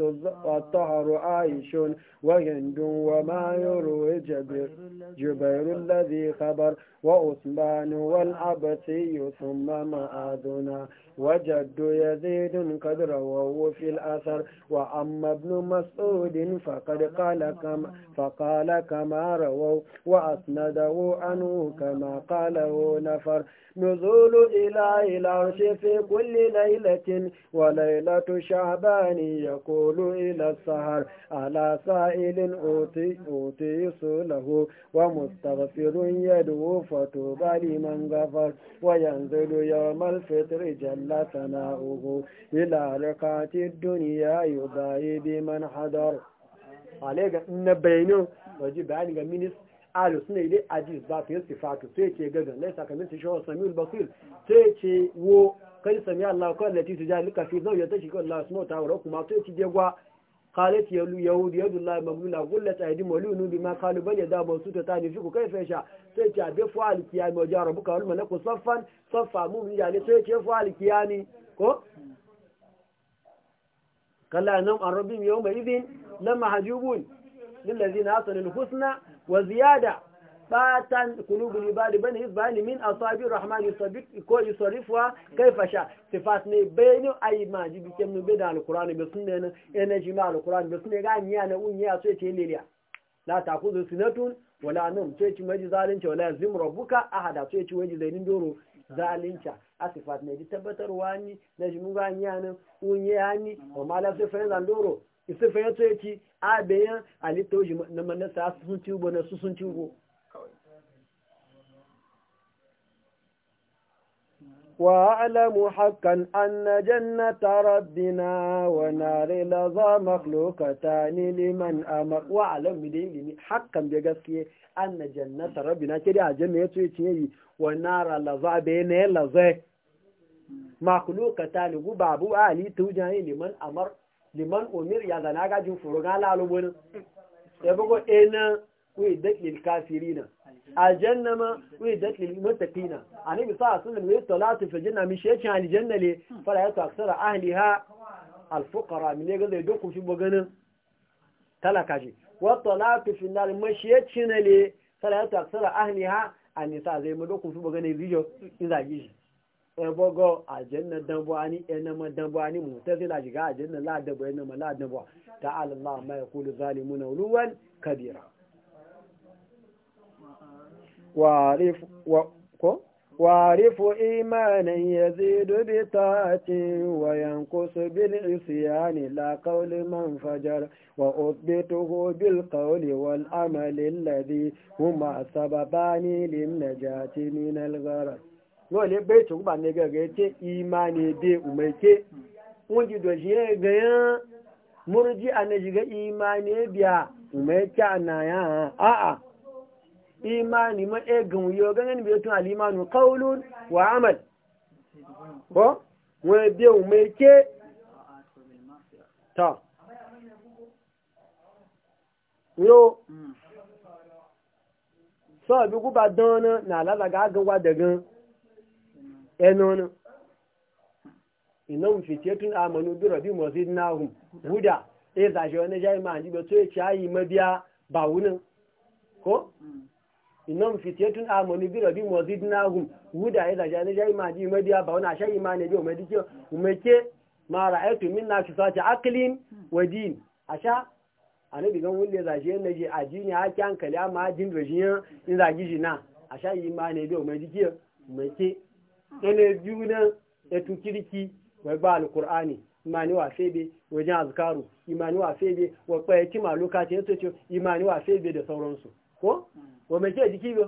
الطهر عايش وهند وما يروي جبير جبير الذي خبر وعثمان والعبثي ثم مآذنا وجد يزيد قد رواه في الأثر وأما ابن مسعود فقد قال كما, فقال كما رواه وأسنده عنه كما قاله نفر نزول إلى العرش في كل ليلة وليلة شعبان يقول إلى السهر على سائل أوتي له ومستغفر يدعو فتوب لمن غفر وينزل يوم الفطر جل جل ثناؤه إلى رقعة الدنيا يضاهي بمن حضر bayani ga minis alu suna ile ajiz ba fiye sifatu sai ce gaga na isa kamin su shawar samiul basir sai ce wo kai sami allah kawai lati su jahilika fi zau ya tashi kawai allah su jegwa قالت يلو يهود يد الله مملولة غلت أيدي مولون بما قالوا بل يدا موسوطة تاني فيكو كيف يشاء سيتي أبي فعل كيامي وجاء ربك والملك صفا صفا مؤمن يعني سيتي فعل كيامي كو قال أنهم عن ربهم يومئذ لما حجوبون للذين أصلوا الحسنى وزيادة fatan kulubul ibadi bane isbani min asabi rahman yusabik ko yusarifuwa kaifa sha sifat ne bayani ayi ma ji bikem ne be alquran be sunne ne energy ma alquran be sunne ga niya na unya so ce leliya la takuzu sinatun wala num so ce maji zalunci wala yazim rabbuka ahada so ce waji zainin doro zalunca asifat ne ji tabbatarwa ni na ji ga niya ne unya ni wa mala so fa doro a bayan na manasa sun ci ubo na su sun ci ubo وأعلم حقا أن جنة ربنا ونار لظى مخلوقتان لمن أمر وأعلم بدين حقا بيقسكي أن جنة ربنا كده جنة يتوي ونار لظى بين لظى مخلوقتان وبابو آلي توجهي لمن أمر لمن umir ya zana gajin furu na lalubun ya bugu ɗaya na aljanna ma wai da lil muttaqina annabi sallallahu alaihi wasallam ya salatu fi janna mi shecin aljanna le fara ya taksara ahliha alfuqara min ga zai duk shi boganin talaka shi. wa salatu fi nar ma shecin le fara ya taksara ahliha anisa zai mu dokun shi boganin rijo in zagi shi e bogo aljanna dan bo ani ena ma dan bo ani mu ta zai la shiga aljanna la da bo ena ma la da bo ta'ala allah ma yaqulu zalimuna uluwan kabira وعرف و وعرف إيمانا يزيد بطاعة وينقص بالعصيان لا قول من فجر وأثبته بالقول والعمل الذي هما سببان للنجاة من الغرق wọ́n bẹ́ẹ̀ tó gbà nígbà rẹ̀ tí ìmáni èdè òmèké wọ́n ti dọ̀ṣí ẹgbẹ̀ yán múrú jí ànẹ́jì rẹ̀ ìmáni èdè òmèké ànàyàn àà imani ma e gan yo ganin bi e tun al imanu qawlun wa amal ko wa e bi o meke ta yo so bi ku ba don na la la ga gan wa de gan eno no inahum fityatun e amanu bi rabbihim wazidnahum huda e za je wani jami'a ji ba to ya ci ayi bia ba wunin ko mm. inom fitiyatun amoni bi rabi mozid hum wuda ya zaja ne jai ma ji media ba wani ashe imani bi umedi ke umeke ma ra'aytu minna fi sati aqlin wa din asha bi gan wulle zaje ne je ajini ha kan kala ma jin rajiya in zagi jina asha imani bi umedi ke umeke ene juna etu kiriki wa ba alqur'ani imani wa febe wajen azkaru imani wa febe wa kwaye kima lokaci ya ce imani wa febe da sauransu ko wọ́n tẹ́ ìdíkí lọ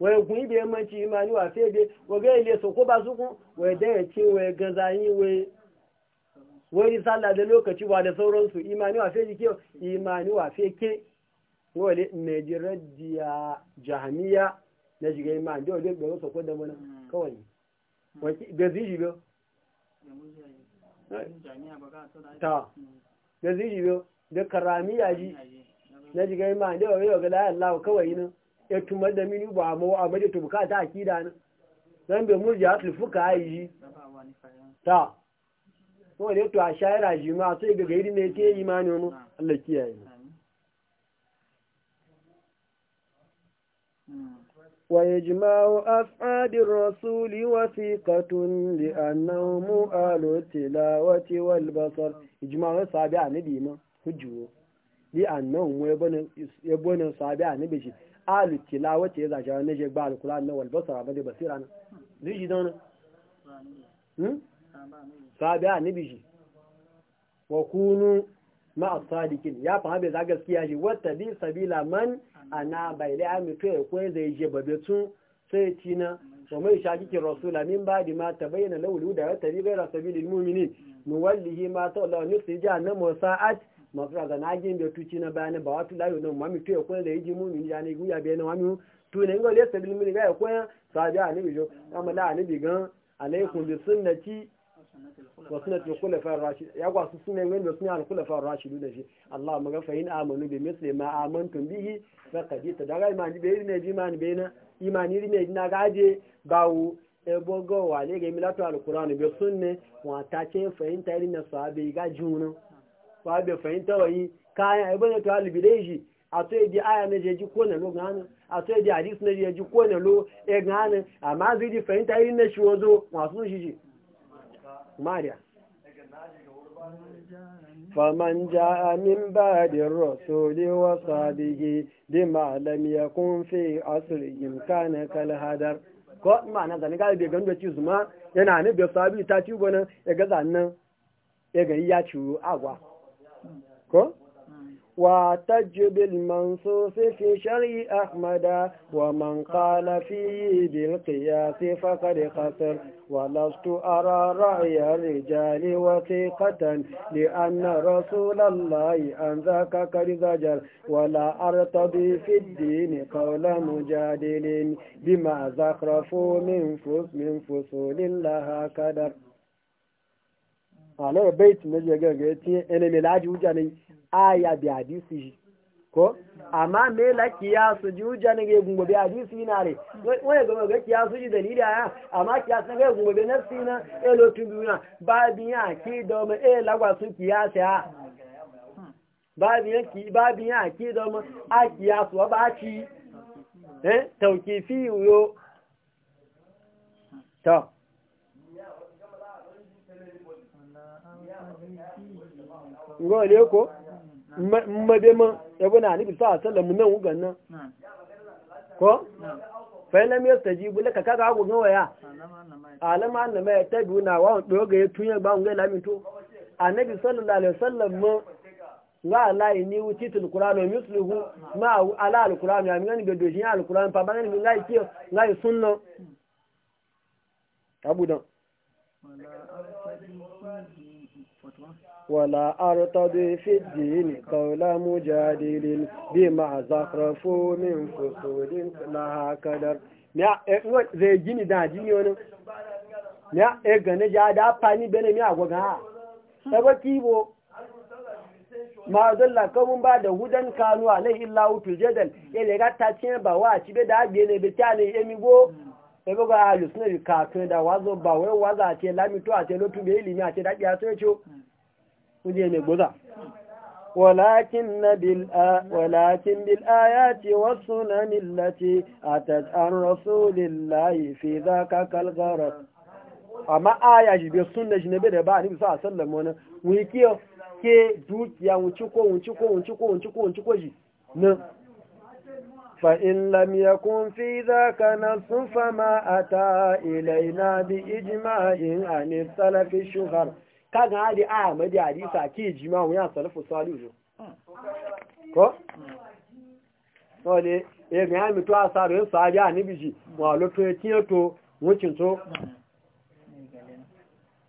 wọ́n ẹ̀kùn ibi ẹmọ ti ma ní wà fẹ́ẹ̀dẹ́ wọ́gẹ́ ilé sọ̀kó bá súnkún wọ́n dẹ́rẹ̀ tí wọ́n ganza yín wọ́n rí sálà da lokaci wà da sauransu ima ni wà fẹ́ jike ima ni wà fẹ́ ké wọ́n lè nàìjíríà diya jahamiya na shiga ima ndí wọ́n da mọ́nà kawai gẹ̀zí jìbẹ́ ta gẹ̀zí jìbẹ́ da karamiya ji na jiga ma da wa yau ga layar lawa kawai nan ya tumar da mini ba mu a mace to buka ta akida nan zan bai ja tu fuka yi ta ko ne to a shayara ji ma sai ga gairi ne ke imani mu Allah kiyaye mu ويجمع أفعاد الرسول وثيقة لأنهم آل التلاوة والبصر إجماع صابع نبينا هجوه li annan ya yabona sahabi annabi shi alu tilawa ce ya zaci na je ba alquran na wal basara ba da basira na zai ji don hmm sahabi annabi shi wa kunu ma sadiqin ya fahimta bai za gaskiya shi wata bi sabila man ana bai da ami to ya zai je babe tun sai ci na wa mai shakikin rasula min ba di ma ta bayyana laulu da ya tabi gaira sabilin muminin nuwallihi ma ta Allah nufi jahannama sa'at mafira ga na ajin da tuci na bayani ba watu layo na mami to ya kwen da ya ne guya bayan mami to ne ngol yasa bil mun ga ya kwen saja ani bijo amma la ani bigan alaikum bi sunnati wa sunnati khulafa ar-rashid ya gwa su sunan ngol da sunan khulafa ar-rashid da shi Allah maga fa in amanu bi misli ma amantum bihi faqad tadaga imani bi eji na gaje bawu ebogo wa ga mi bi sunne wa ta ce fa in na sahabi wa yi fahimta wayi kayan abin da to alibide shi a to di aya na jeji ji ko na lo gana a to di na jeji lo e gana amma zai di fahimta yin na shi wazo masu shi ji mariya فمن جاء من بعد الرسول وصحبه بما لم يكن في عصرهم كان كالهدر ko na zane ga bai gando ci zuma yana ne bai sabi ta ci ya gaza zannan ya gari ya ciwo agwa ko hmm. wa ta jibin manso sifin shari'i ahmada wa man kala fiye bilkiya sifa kare kasar walastu a ra'ayar rijali wasi katan li an na rasulallah an zaka kari zajar wala arta bi fiddi ne kaula mujadilin bi ma zakrafo min fusulin lahakadar Ale! bait ne je ga ga ti ene me laji uja ne aya bi hadisi ko amma me la kiyasu ji uja ne ga gungo bi hadisi na re waya ga ga kiyasu ji dalili aya amma kiyasu ga gungo bi nafsi na e lo tun na ba bi ya ki do me e la gwa su kiyasu ha ba bi ya ki ba bi ya ki do me a kiyasu ba ci eh tawkifi yo to ngo le ko mmade ma yabo na anibi sallallahu alaihi wasallam nan ugan nan ko fa lam yastajibu laka kaga agu ngo ya alama ta ya na wa doga ya tunya ba ngo lamin to annabi sallallahu alaihi wasallam mu wa la ni wuti tul qur'anu misluhu ma ala al qur'an ya ngani be dojin al qur'an pa ngani mi ngai kiyo abu sunno abudan ولا أرتضي في الدين قول مجادل بما زخرف من فصول لها كدر زي da دا جيني ونو e ma kawun ba da hudan kanu alai illa utul jadal ya le ta cin ba wa ci da ne ta ne ka tun da wazo ba waza ce lami a ce lotu be ilimi a ce kuje mai guza ولكن, بالآ ولكن بالآيات والسنن التي أتت عن رسول الله في ذاك كالغرق أما آية جبير سنة جنبه ربا النبي صلى الله عليه وسلم ويكيو ke dukiya wuce ko wuce ko wuce ko wuce ko wuce ko shi nan fa in lam yakun fi dhaka nasun fa ma ata ilaina bi ijma'in an shuhar ka ga a ma da hadisa ki jima wuya salafu salihu ko de e mi ami to asaro yin sahabi anibi ji ma lo to ti to wucin to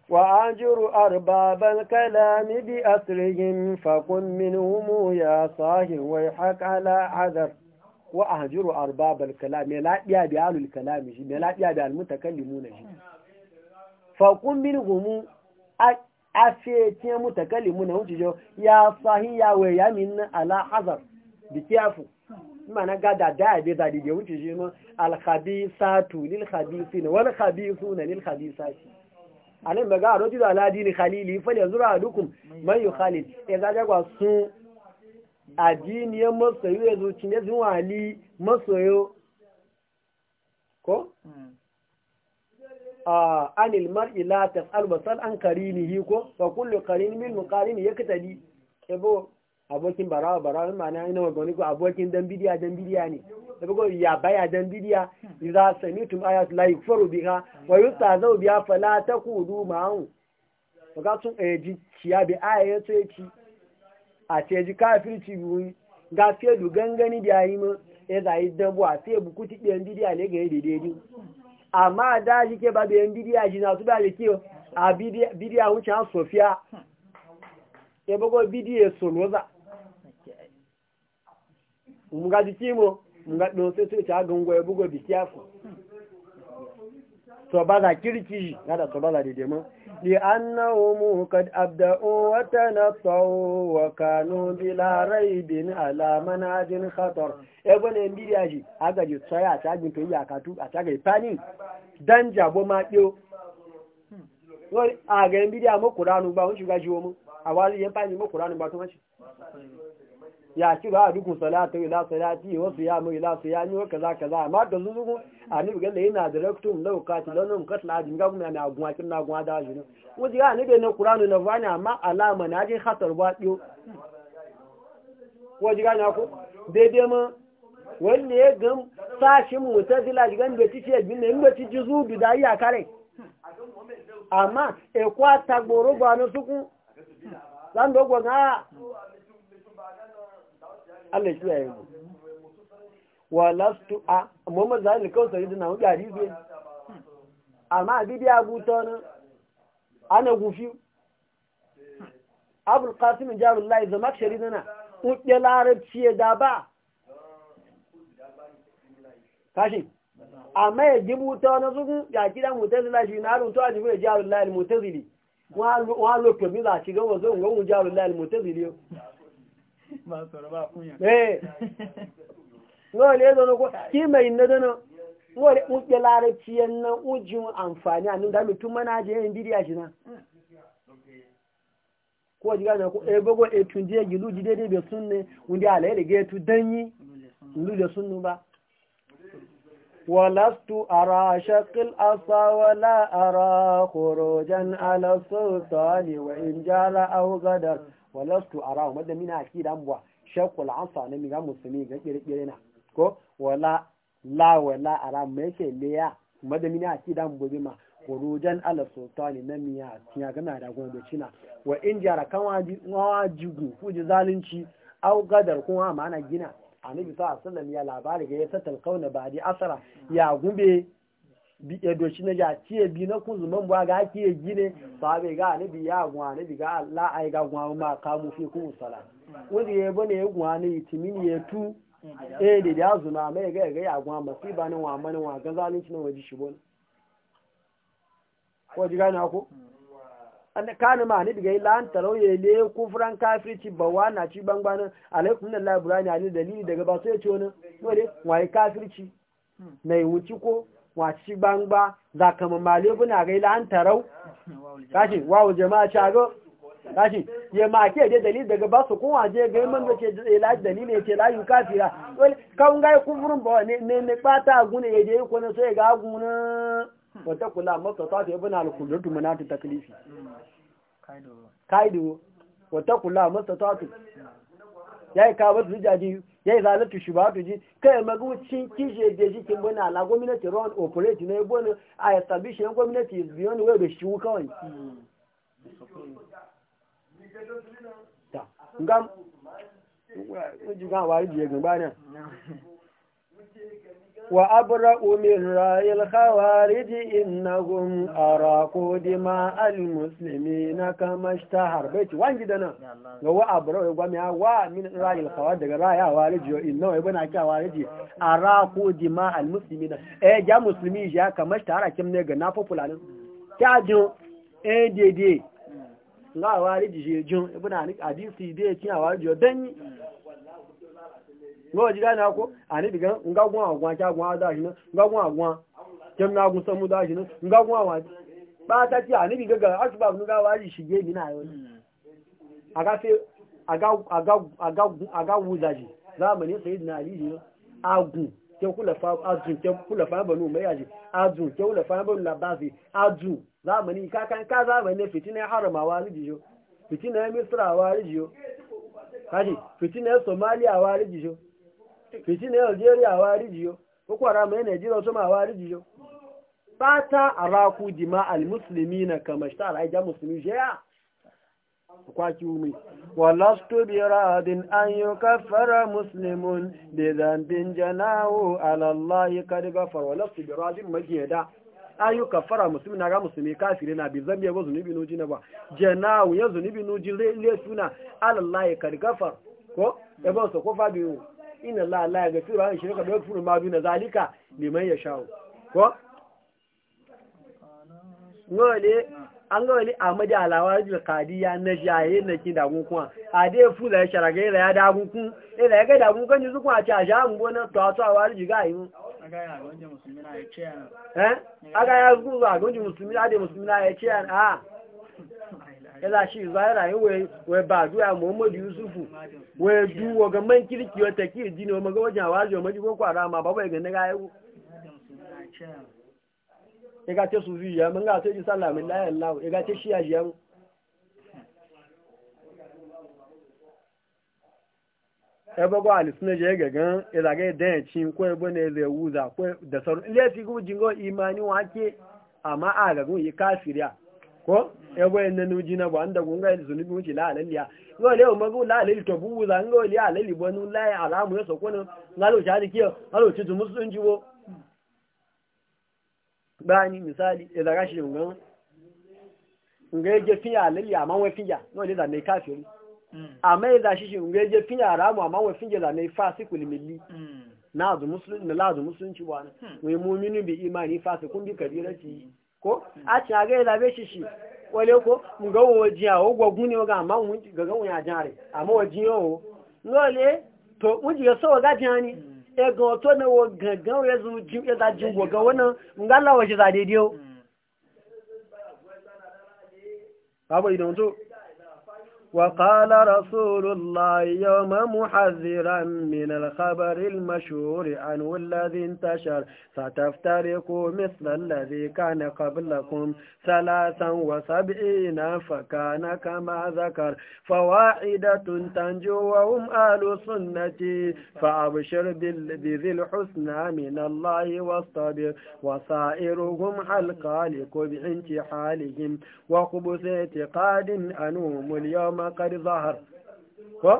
wa anjuru arbabal kalami bi asrihim fakun minhum ya sahir wa haq ala adar wa ahjuru arbabal kalami la biya bi alul kalami ji la biya bi al mutakallimuna ji fakun minhum a afe ce muta kalimu na wuce ya sahi ya wa ya min ala hazar bi kiyafu mana gada da ya bai zadi da wuce shi ma alhabisatu lil khabisin wal khabisuna lil khabisati anan ba ga roji da ladin khalili fa yanzu ra dukum man yukhalil ya ga kwa sun adiniyan masoyo ya zo cinye zuwa ali masoyo ko hmm. anil mar'i la tas'al basal an karinihi ko wa kullu qarin bil muqarin yaktadi ebo abokin barawa barawa ma'ana ina magani ko abokin dan bidiya dan bidiya ne da go ya baya dan bidiya idza samitum ayat la yukfaru biha wa yutazaw biha fala taqulu ma'un kaga sun eji kiya bi aya to yaki a teji kafirci biyu ga fiye du gangani da yi mu ya yi dabu a fiye bukuti dan bidiya ne ga daidai amma da shi ke ba biyan bidiya shi na su ba da kiyo a bidiya wuce an sofiya ya bago bidiya soloza mu ga jiki mu mu ga ɗansu su ce a gangoya bugo bi kiyafu to ba za nada to ba za daidai ma li annahum qad abda'u wa tanattu wa kanu bila raibin ala manajin khatar e bone mbiya ji aga ji tsaya ta to ya katu a ta ga Danja dan jabo ma dio wai a ga mbiya mo qur'anu ba won shiga jiwo mu a wali yan fani mo qur'anu ba to ma shi ya kira a duk salatu ila salati wa siyamu ila siyami wa kaza kaza amma da zuzugu ani ga da ina directum law kati law num katla ajin ga kuma na gwa kin na gwa da shi wuji ga ne na qur'anu na bani amma alama na je khatar ba dio wuji ga na ko daidai ma wanne ya gam sashi mutazila jigan da tice bin ne ba tice bi da iya kare amma e kwa tagboro ba na suku zan dogo ga Allah shi yayin mu wa lastu a Muhammad zai kawo sai dina wuya rizu amma buta buton ana gufi Abul Qasim Jarullahi Zamakshari nana kuɗe larabci da ba kashi amma ya ji buta wani zuku ya gidan mutazila shi na runtu a jibirar jarullahi mutazili wọ́n lò pẹ̀lú àti gánwọ̀ zóòrùn gánwọ̀ jarullahi mutazili máa mai na dana wọ́n ɓuɓɓe larabci nan ujin amfani a nan dami tun mana je yin bidiya shi nan. ko jiga na ko ebe go e tun je gilu jide de be sunne wunde ala ele ge tu danyi a de sunnu ba ولست أرى شق الأصى ولا أرى خروجا على السلطان وإن جار أو غدر walastu ara wa da mina akida mbwa shakul ansa ne miga musulmi ga kirkire na ko wala la wala ara me leya da mina akida mbwa bi ma kurujan ala sultani na miya tiya gana da gona da cina wa in jara kan wajigu ku ji zalunci au gadar kuma amana gina annabi sallallahu alaihi wasallam ya labari ga ya tattalkauna ba di asara ya gube edochi eh, na ya ci ebi na kun zuman buwa aga ake yi gine ba bai ga anabi ya gwa anabi ga la'ai ga gwa ma kamu fi kun sala wanda ya bane ya gwa ne itimin ya tu eh da ya zuna mai ga ga ya gwa masiba ne wa mani wa ga zalunci na waje shi bon ko ji gane ko an kana ma ne daga lan tarauye le kufran kafirci bawa na ci bangbana alaikum lillahi burani ali dalili daga ba sai ce wani wai kafirci mai wuci ko waci bangba za ka mamale buna gaila an tarau kashi wawo jama'a ago kashi ya make da dalil daga ba su kun waje ga man da ke ilaji dalil ya ce layu kafira wani kawun gai kufurin ba ne ne bata gune ya je ko kwanan sai ga guna wata kula masa ta ta yabana alkudratu manatu taklifi kaido wata kula masa ta ta ya yi kawo da rijaji ya yi zalatu shi ba tuji kai magucin kije da jikin n'ala ala gwamnati run operate na yabo a establish yan gwamnati is beyond where shi kawai ta وأبرأ من رأي الخوارج إنهم أراقوا دماء المسلمين كما اشتهر بيت وان جدنا وهو أبرأ وقام ومعوا من رأي الخوارج رأي الخوارج إنه يبنى على خوارج أراقوا دماء المسلمين إيه جاء مسلمي جاء كما اشتهر كم نيجا نافو فلان كاجو إيه دي دي لا خوارج جون يبنى على حديث دي كي وارج دني nawa ji gane ko a ne diga nga gwa agwa shi na agun ke kula fa azun ke kula fa banu mai yaji azun ke kula fa banu labasi azun zamani ka kan fitina somalia wa rijiyo fìtínà algeria wá rí jìyó boko nigeria ma na kàmàṣítà àláìjá mùsùlùmí ṣe yá kwaki umi walastu bi radin an yukaffara muslimun bi dhanbin janahu ala allah ghafara bi radin majida an yukaffara ga muslimi kafire na bi zambi ba zunubi nuji na ba janahu ya so ko inna Allah la yaghfiru an shirka da yaghfiru ma duna zalika liman yasha ko ngole an ga wani amadi alawajin kadiya na jaye na ki dagun kuma a dai fula ya sharaga ila ya dagun kun ila ya ga dagun kan yanzu kuma a ci a ji mu gona to a tsawa aga ya ya ce a yana shi zai rayu ba duwa muhammadu yusufu wai duwa ga man kirki wata ki ji ne maga wajen waje wa maji boko haram ba bai ga na ga yau ya ga ce su mun ga sai ji sallah min la ya ga ce shi ya ji yau ẹgbọ́gbọ́ àlìsínà jẹ́ gẹ̀gán ìlàgẹ́ ìdẹ́yìn tí kó ẹgbọ́ ní ilẹ̀ wúzà da sauran ilé ti gúrú jíngọ́ ìmá níwọ̀n ákẹ́ àmá àgàgún yìí ko ebo en nanu jina ba anda gunga el zunubi wuce na alaliya ngo le o magu za alali la alamu yo sokono ngalo shari kiyo ngalo tutu musun bani misali e shi ngon ngai je fiya ama e da shi aramu ama fiya da ne na azu muslim na la azu musulunci wa mu'minu bi imani ko a ci a ga ila be shi shi wale ko nga wo ji a o gbogun ni o ga ma mu ga ga ya jan re ama o ji o le to mu ji so ga jan ni e to na wo gangan re zu ji e da ji wo ga wona nga la wo ji mm. idan to وقال رسول الله يوم محذرا من الخبر المشهور عنه الذي انتشر ستفترقوا مثل الذي كان قبلكم ثلاثا وسبعين فكان كما ذكر فواحدة تنجو وهم أهل سنتي فأبشر بذي الحسنى من الله واصطبر وصائرهم حلقى لكبع انتحالهم وقبس اعتقاد أنهم اليوم ma kari zahar ko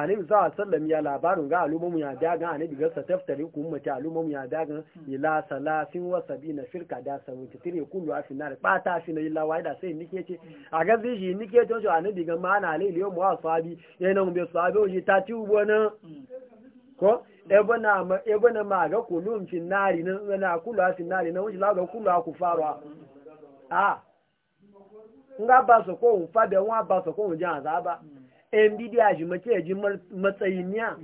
alim za a sallam ya labarin ga alumamu ya dagan anabi ga sa taftari ku ummati alumamu ya dagan ila salasin wa sabina firka da samu tire kullu afi nar bata fi na illa waida sai nike ce a ga zai shi nike to anabi ga mana alai liyo mu asabi yana mu be o oji ta ti ubona ko ebona ma ebona ma ga kullu fi nari na na a afi nari na wuji la ga a aku farwa a nga ba su ko fa da wa ba su ko mu jan azaba en bidiya ji mace ji matsayi ya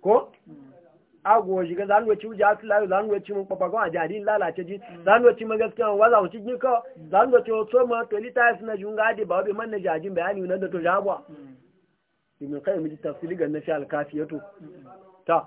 ko agwo shi ga zanuwa ci wuce hatu layu zanuwa ci mun kwakwa a jari lalace ji zanuwa ci magaskiya wa za wuce ji ko zanuwa ci wato ma to ya suna jun gadi ba wabe manna jajin bayani na da to jabwa ibn qayyim ji tafsiri ga nafi al-kafiyatu ta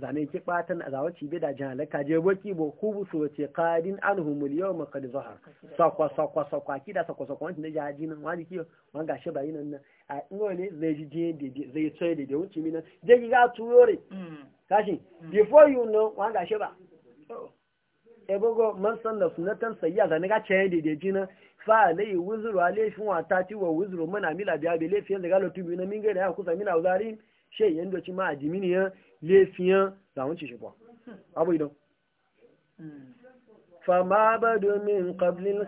zane ki batan a zawaci bi da jihar laka je baki bo hubu so ce qadin anhum al yawma qad zuwa sakwa sakwa sakwa da sakwa sakwa wanti da jaji nan wani kiyo wan gashi bayin nan a ngole zai ji jiye de zai tsaye da de minan mina je ki ga tuyore mm. kashi mm. before you know wan gashi ba oh. e bogo man san da sunatan sayya zane ga cewa de de jina fa alai wuzuru alai shun wata ti wa wuzuru mana mila biya be laifin da galo tubi na min da ya kusa mina wuzari shi yando ci ma jimini ya laifiyan zamanci shi ba abu idan hmm. ma ba domin ƙablin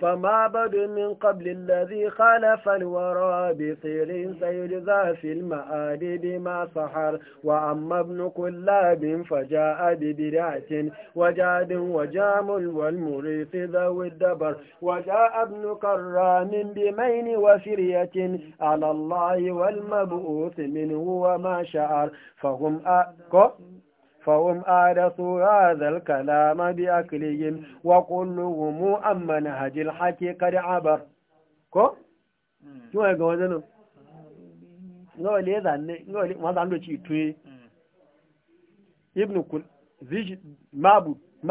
فما بد من قبل الذي خالف الورى بصير سيجزى في المآد بما سحر وأما ابن كلاب فجاء ببرعة وجاد وجام والمريث ذوي الدبر وجاء ابن كرام بمين وفرية على الله والمبؤوث منه وما شعر فهم أكو فهم آرثوا هذا الكلام بأكلهم وكلهم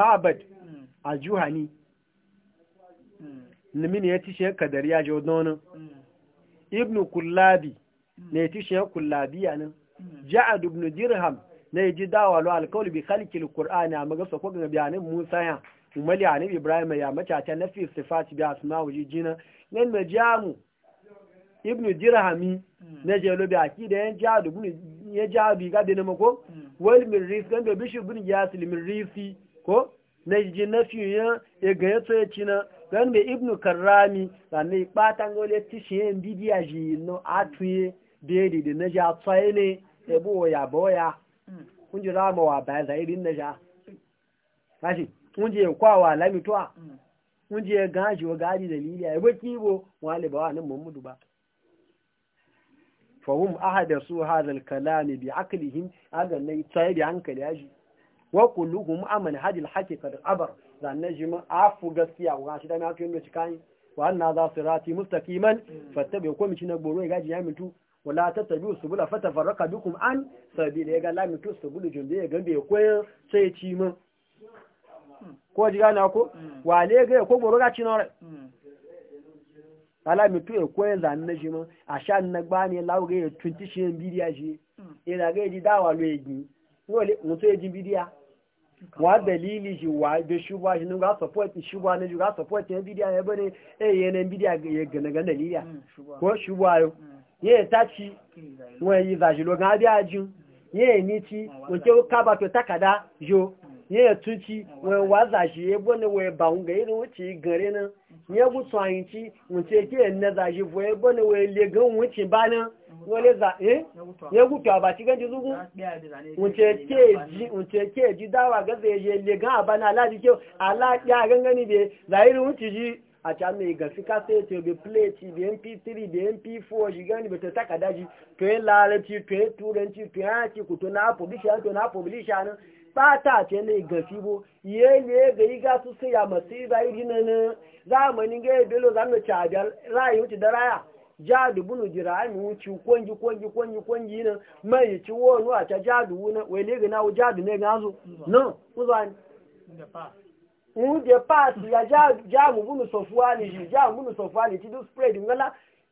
عن a Juhani, Nimini ya ci shiyar kadari ya ji Kullabi, na ya ci shiyar Kullabi yanin. Dirham, na yaji dawa lo alkawali bi khalqil qur'ani amma ga sako ga bayanin musa ya umali anabi ibrahim ya mata ta nafi sifati bi wa jina nan na jamu ibnu dirhami hmm. na je lo bi akida yan jadu bin ya bi ga dena mako hmm. wal min ris kan da bishir bin yasil min risi ko na ji nafi ya ga yato ya cina dan da ibnu karrami dan ne patan gole tishin bidiya ji no atuye da de na ja tsaye ne ebo ya boya kun ji rama wa bayan zairin na sha kashi kun ji kwawa lamituwa kun ji gashi wa gari dalili ya yi kibo wani ba wa nan mamudu ba fahim ahada su hadal kalami bi aklihim aga na tsaye da hankali ya ji wa kulluhum aman hadil haqiqa da abar zanne shi mun afu gaskiya wa shi da na kin da cikan wa na za sirati mustaqiman mm. fattabi ko mi na goro ya gaji ya mutu wala ta tabi subula fata farraka bikum an sabi da ya ga lami to subulu jumbe ya gambe ya koyar sai ya ci min ko ji gana ko wale ga ya kogoro ga ci nore lami to ya koyar zan na ji min a sha na gbani lawo ga ya tunti shi bidiya shi ya ga ya ji dawa lo ya ji, wale mutu ya ji bidiya wa dalili shi wa da shuba shi nuga support shuba ne juga support ne bidiya ya bane eh yana bidiya ya gane gana daliliya mm, ko shuba yo mm. ye tachi wa yi zaji lo ga biya jun mm. ye ni ti o ke ka ba to takada yo ya ci, wai waza shi ya bane wai ba hunga irin wuce gare nan ya gutu ci, yinci wuce ke na za shi wai bane wai legan wuce ba na, nan wale za eh ya gutu a ba ci ganji zugu wuce ke ji dawa gaza ya je legan a bana alaji kyau alaƙi a gangani bai zahirin wuce ji a can mai gafi kasa ya tebe plate da mp3 da mp4 gan ne bata taka daji to yin lalaci to yin turanci to yin haki ku to na publisha to na publisha na. bata ce ne gafi bo ye ne ga yi ga su sai ya masu zai rina na zamani ga ya belo zamu ci ajal rayu ci da raya jadu bunu jirani wuci kwangi kwangi kwangi kwangi na mai ci wonu a ta jadu na wai ne ga na jadu ne ga zo no uzani mu de pass ya jamu bunu sofuani ji jamu bunu sofuani ti do spread ngala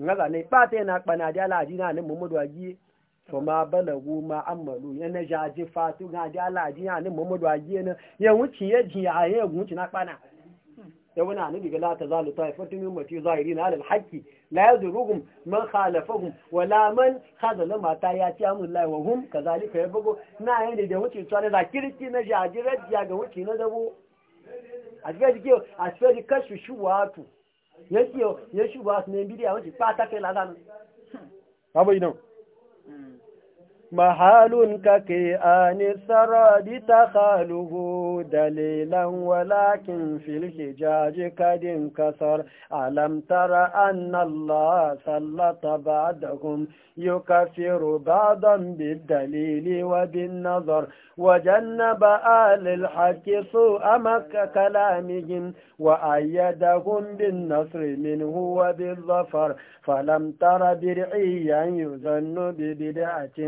ngaza ne ba ta yana kpana da alaji na nan muhammadu agi to ma balagu ma amalu yana jaji fatu ga da alaji na nan muhammadu agi na ya wuce ya ji ya ya wuce na kpana ya wuna annabi diga la ta zalu ta fatun min mutu zahiri na alal haqqi la yaduruhum man khalafahum la man khazala mata ya ci amun la wa hum kazalika ya bugo na yayin da wuce tsare da kirki na jaji rajiya ga wuce na dabo a cikin a shi kashu yẹ́sì ọ̀ yẹ́sù wá sí ní bídí àwọn ti pàtàkì lásánù. báwo yìí náà. محال ككيان السراد تخاله دليلا ولكن في الحجاج قد انكسر ألم تر أن الله سلط بعدهم يكفر بعضا بالدليل وبالنظر وجنب آل الحق سوء مك كلامهم وأيدهم بالنصر منه وبالظفر فلم تر برعيا يظن ببدعة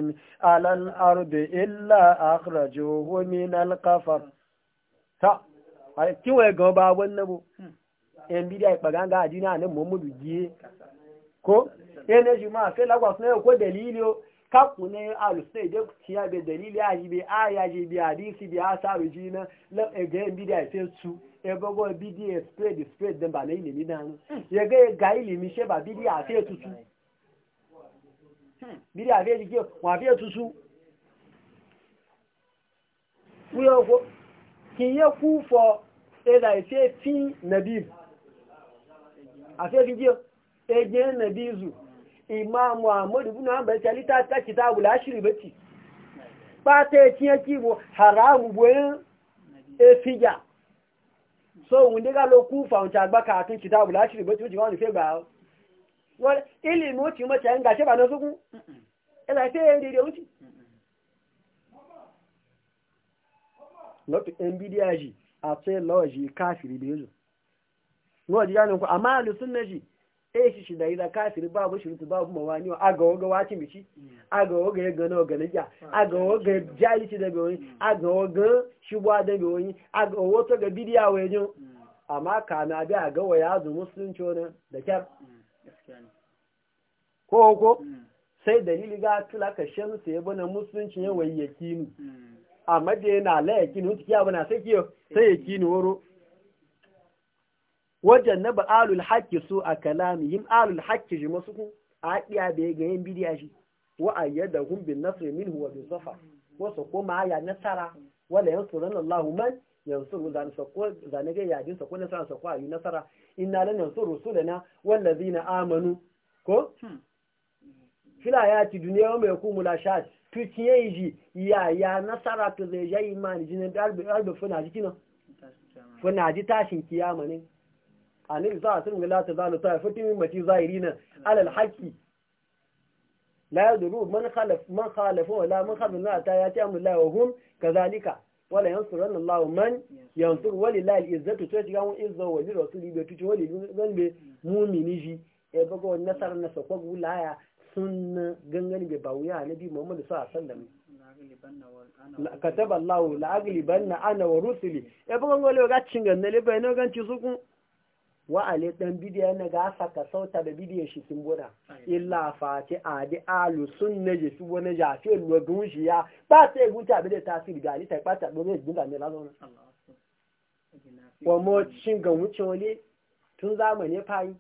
على الأرض إلا أخرجوه من القفر تا kiwa ya gaba wannan bu yan bidiyar ɓaganga adina nan muhammadu giye ko yana ji ma sai lagos na yau ko dalili kaku ne alusai da ciya bai dalili a yi bai aya ji bai hadisi bai asaru ji na ga yan bidiyar sai su ya gogo bidiyar spread spread don ba na ilimi na hannu ya ga ya ga ilimi shi ba bidiyar sai tutu bídí àfẹ́ ìdíkẹ́ wọ́n àfẹ́ tútù wúyọ́ ọkọ́ kì í yẹ kú fọ ẹ̀dà ìfẹ́ tí nàbí àfẹ́ ìdíkẹ́ ẹgbẹ́ nàbí ìzù ìmáàmù àmọ́dù bú náà bẹ̀rẹ̀ tàkìtà àwùlá ṣìrì bẹ́tì tí ẹ kí haramu e so wọ́n ní fẹ́ gbà wọ́n ilimi otu ti mọ́ ṣe ń gà ṣẹ́bà náà sókún ẹ̀rọ a é rèé oúnjẹ. lọ́pì nbd àjì àti lọ́ọ̀jì káàfìrí bí yóò wọ́n ti yánu kó àmà àlùsùn náà jì èyí ṣì ṣìdá yìí káàfìrí bá bó ṣòro tó bá mọ̀ wá ní agọ̀wọ́gọ̀ wá tìmìtì agọ̀wọ́gọ̀ gan náà gan níjà agọ̀wọ́gọ̀ jáì ko ko mm. sai dalili ga tula ka su ya bana musulunci ya mm. wai yakinu mm. amma da yana la yakinu suke kiya sai kiyo sai yakinu woro wajen na ba'alul haƙƙi su a kalami yin alul haƙƙi shi masu kun a haɗiya da ya gayen bidiya shi wa a yadda hun bin nasiri min huwa bin zafa wasu kuma ya nasara wala yan tsoron Allah man yansuru zane sako zane ga yadin sako nasara sako ayu nasara inna lan yansuru sulana wallazina amanu ko hmm. fila ya ci duniya wa mai kuma la shat tuciye yi ya ya nasara to zai ya imani jinin darbe albe funa ji kina funa ji tashin kiyama ne anil za sun ga la ta zalu ta fatin zahiri na alal haƙi la yadru man khalaf man khalafu wala man na ta ya ta amla wa ka zalika wala yansuran Allah man yansur walillahi izzatu to shiga mun izza wa li rasuli be tuci wali zan be mu'mini ji e bago nasar na so ko gulaya sun gangan be bawuya nabi Muhammad sallallahu alaihi wasallam kataba Allah la aglibanna ana wa rusuli e bago ngole ga cingan ne le bayno ganci sukun wa ale dan bidiya na ga saka sauta da bidiya shi kin bura illa fati adi alu sunna je su wani ja fi lo gun shi ya ba ta egun ta bi da fi ga ni ta pata do ne dinga ne lazo wa mo cin ga wuce wani tun zamani fayi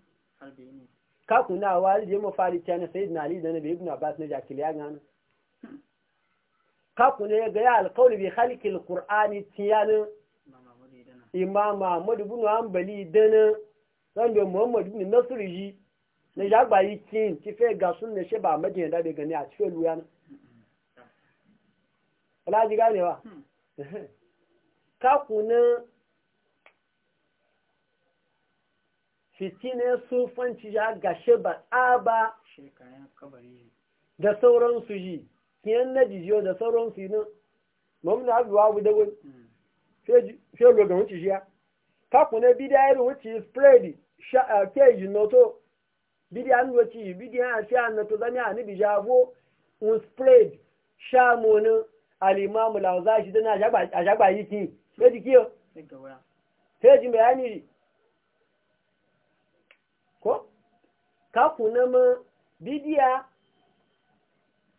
ka kuna wali je mo fari na sayyid nali da nabi ibn abbas ne jakiliya gana ka kuna ga ya alqawli bi khalqi qur'ani tiyanin imam Ahmad ibn Hanbali dana sanda muhammadu ne nasiru yi na yagba yi kin ti fẹ́ ga sun ne ṣe ba madina dabe gani a cikin luya na alaji ganewa hmm. kakunan fitinin fanci ya gashe ba tsaba da sauransu yi kiyan na jijiyo da su yi na nan mamun abuwa abu da wani fiye logan wuce shi ya kakunan bidiyar wuce spreadi Eh, keji noto bidiya ndoci bidiya a sha na to zami a nibi jabo un spread sha monu alimamu lauza shi dana a shagba yi ki meji kiyo keji bayani ko kaku na ma bidiya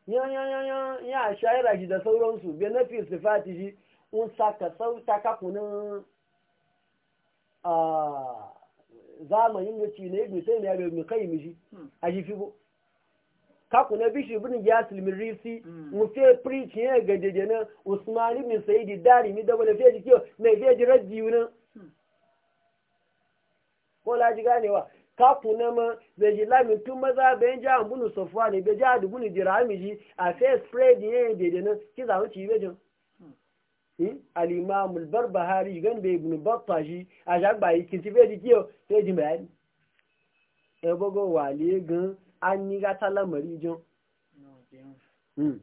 ya shayara shi da sauransu benefit sifati shi un saka sauta kaku na ah, zamanin da ci ne ibn sai ya mu kai miji hmm. a jifi ka kaku na bishi ibn ya risi hmm. mu fe preach ne ga dejena usman ibn sayyid dari mi da wala fe ji kiyo ne fe ji raddi wuna hmm. ko la ji ganewa kaku na ma bai ji min tun maza bai ji an bunu sofwa ne bai ji adu bunu jira miji a fe spread ne dejena ki za mu ci bejin Hmm? al'imamul barbahari gan da ibn batta shi a shagbayi kinci fẹ́ di kíyọ fẹ́ di bayani ẹgbogbo e wà lè e gan an ní gata lamari jan hmm.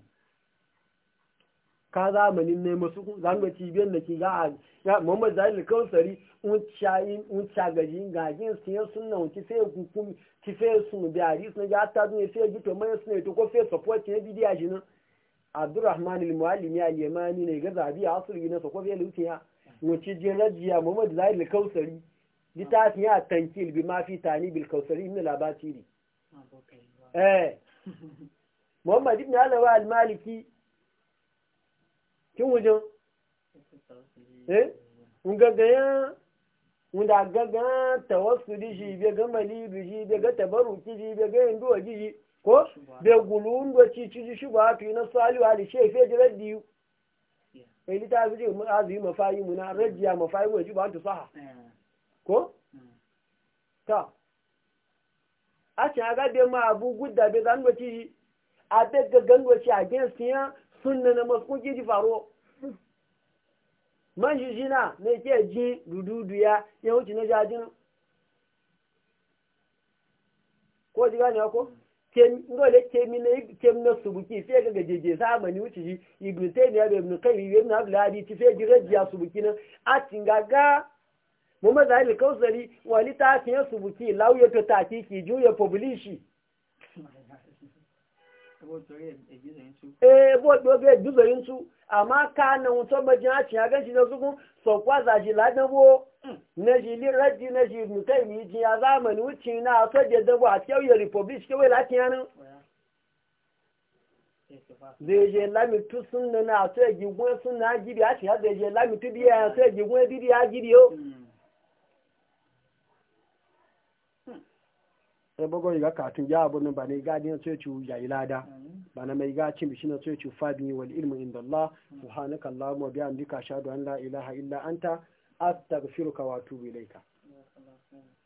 ka zamanin ne masu kun zangaci biyan da ke ga a muhammad zahir kawsari unca gaji gajin siyan suna wuce sai hukumi ki fẹ́ sun da haris na ga ta duniya sai e gito mai suna ito ko fẹ́ support ne bidiyar shi nan abdurrahman al-muallimi al-yamani ne ga zabi a asiri na sako bai lutin ya wace je rajiya muhammad zahir al-kausari litafin ya tankil bi ma fi tani bil kausari ibn labatiri eh muhammad ibn alawa al-maliki kin wujin eh un gaggayan tawassuli ko bai gulun da cici ji shi ba tu na salihu ali shi fe ji raddi kai ni ta fi ji mun azumi mafayi mu na rajiya mafayi mun ji ba tu saha ko mm. ta a ci aga bai ma abu gudda bai zan gwaci a bai ga gwaci a gen siya sunna na masu kuke ji faro man shi na ne ke ji dududu ya ya wuce na jajin ko ji gane ko mm. ngole kemi na subuki sai ga jeje zamani wuce shi ibn taymiya da ibn qayyim ibn abdul hadi ti fe ji rajiya subuki na a mu kausari wali ta tiyan subuki lawo to ta ki juya publishi eh bo do be duzarin su amma ka na wuto majin hmm. a ciya ganci na sukun sokwa zaji ladan ji na zamani na a cikin na bibi sai bago ga katun ya abu ba ne gadi na tsoci ya ya lada ba na mai gaci bishi na tsoci ciwu ne wal ilmu inda Allah subhanaka Allahumma bihamdika ashhadu an la ilaha illa anta astaghfiruka wa atubu ilaika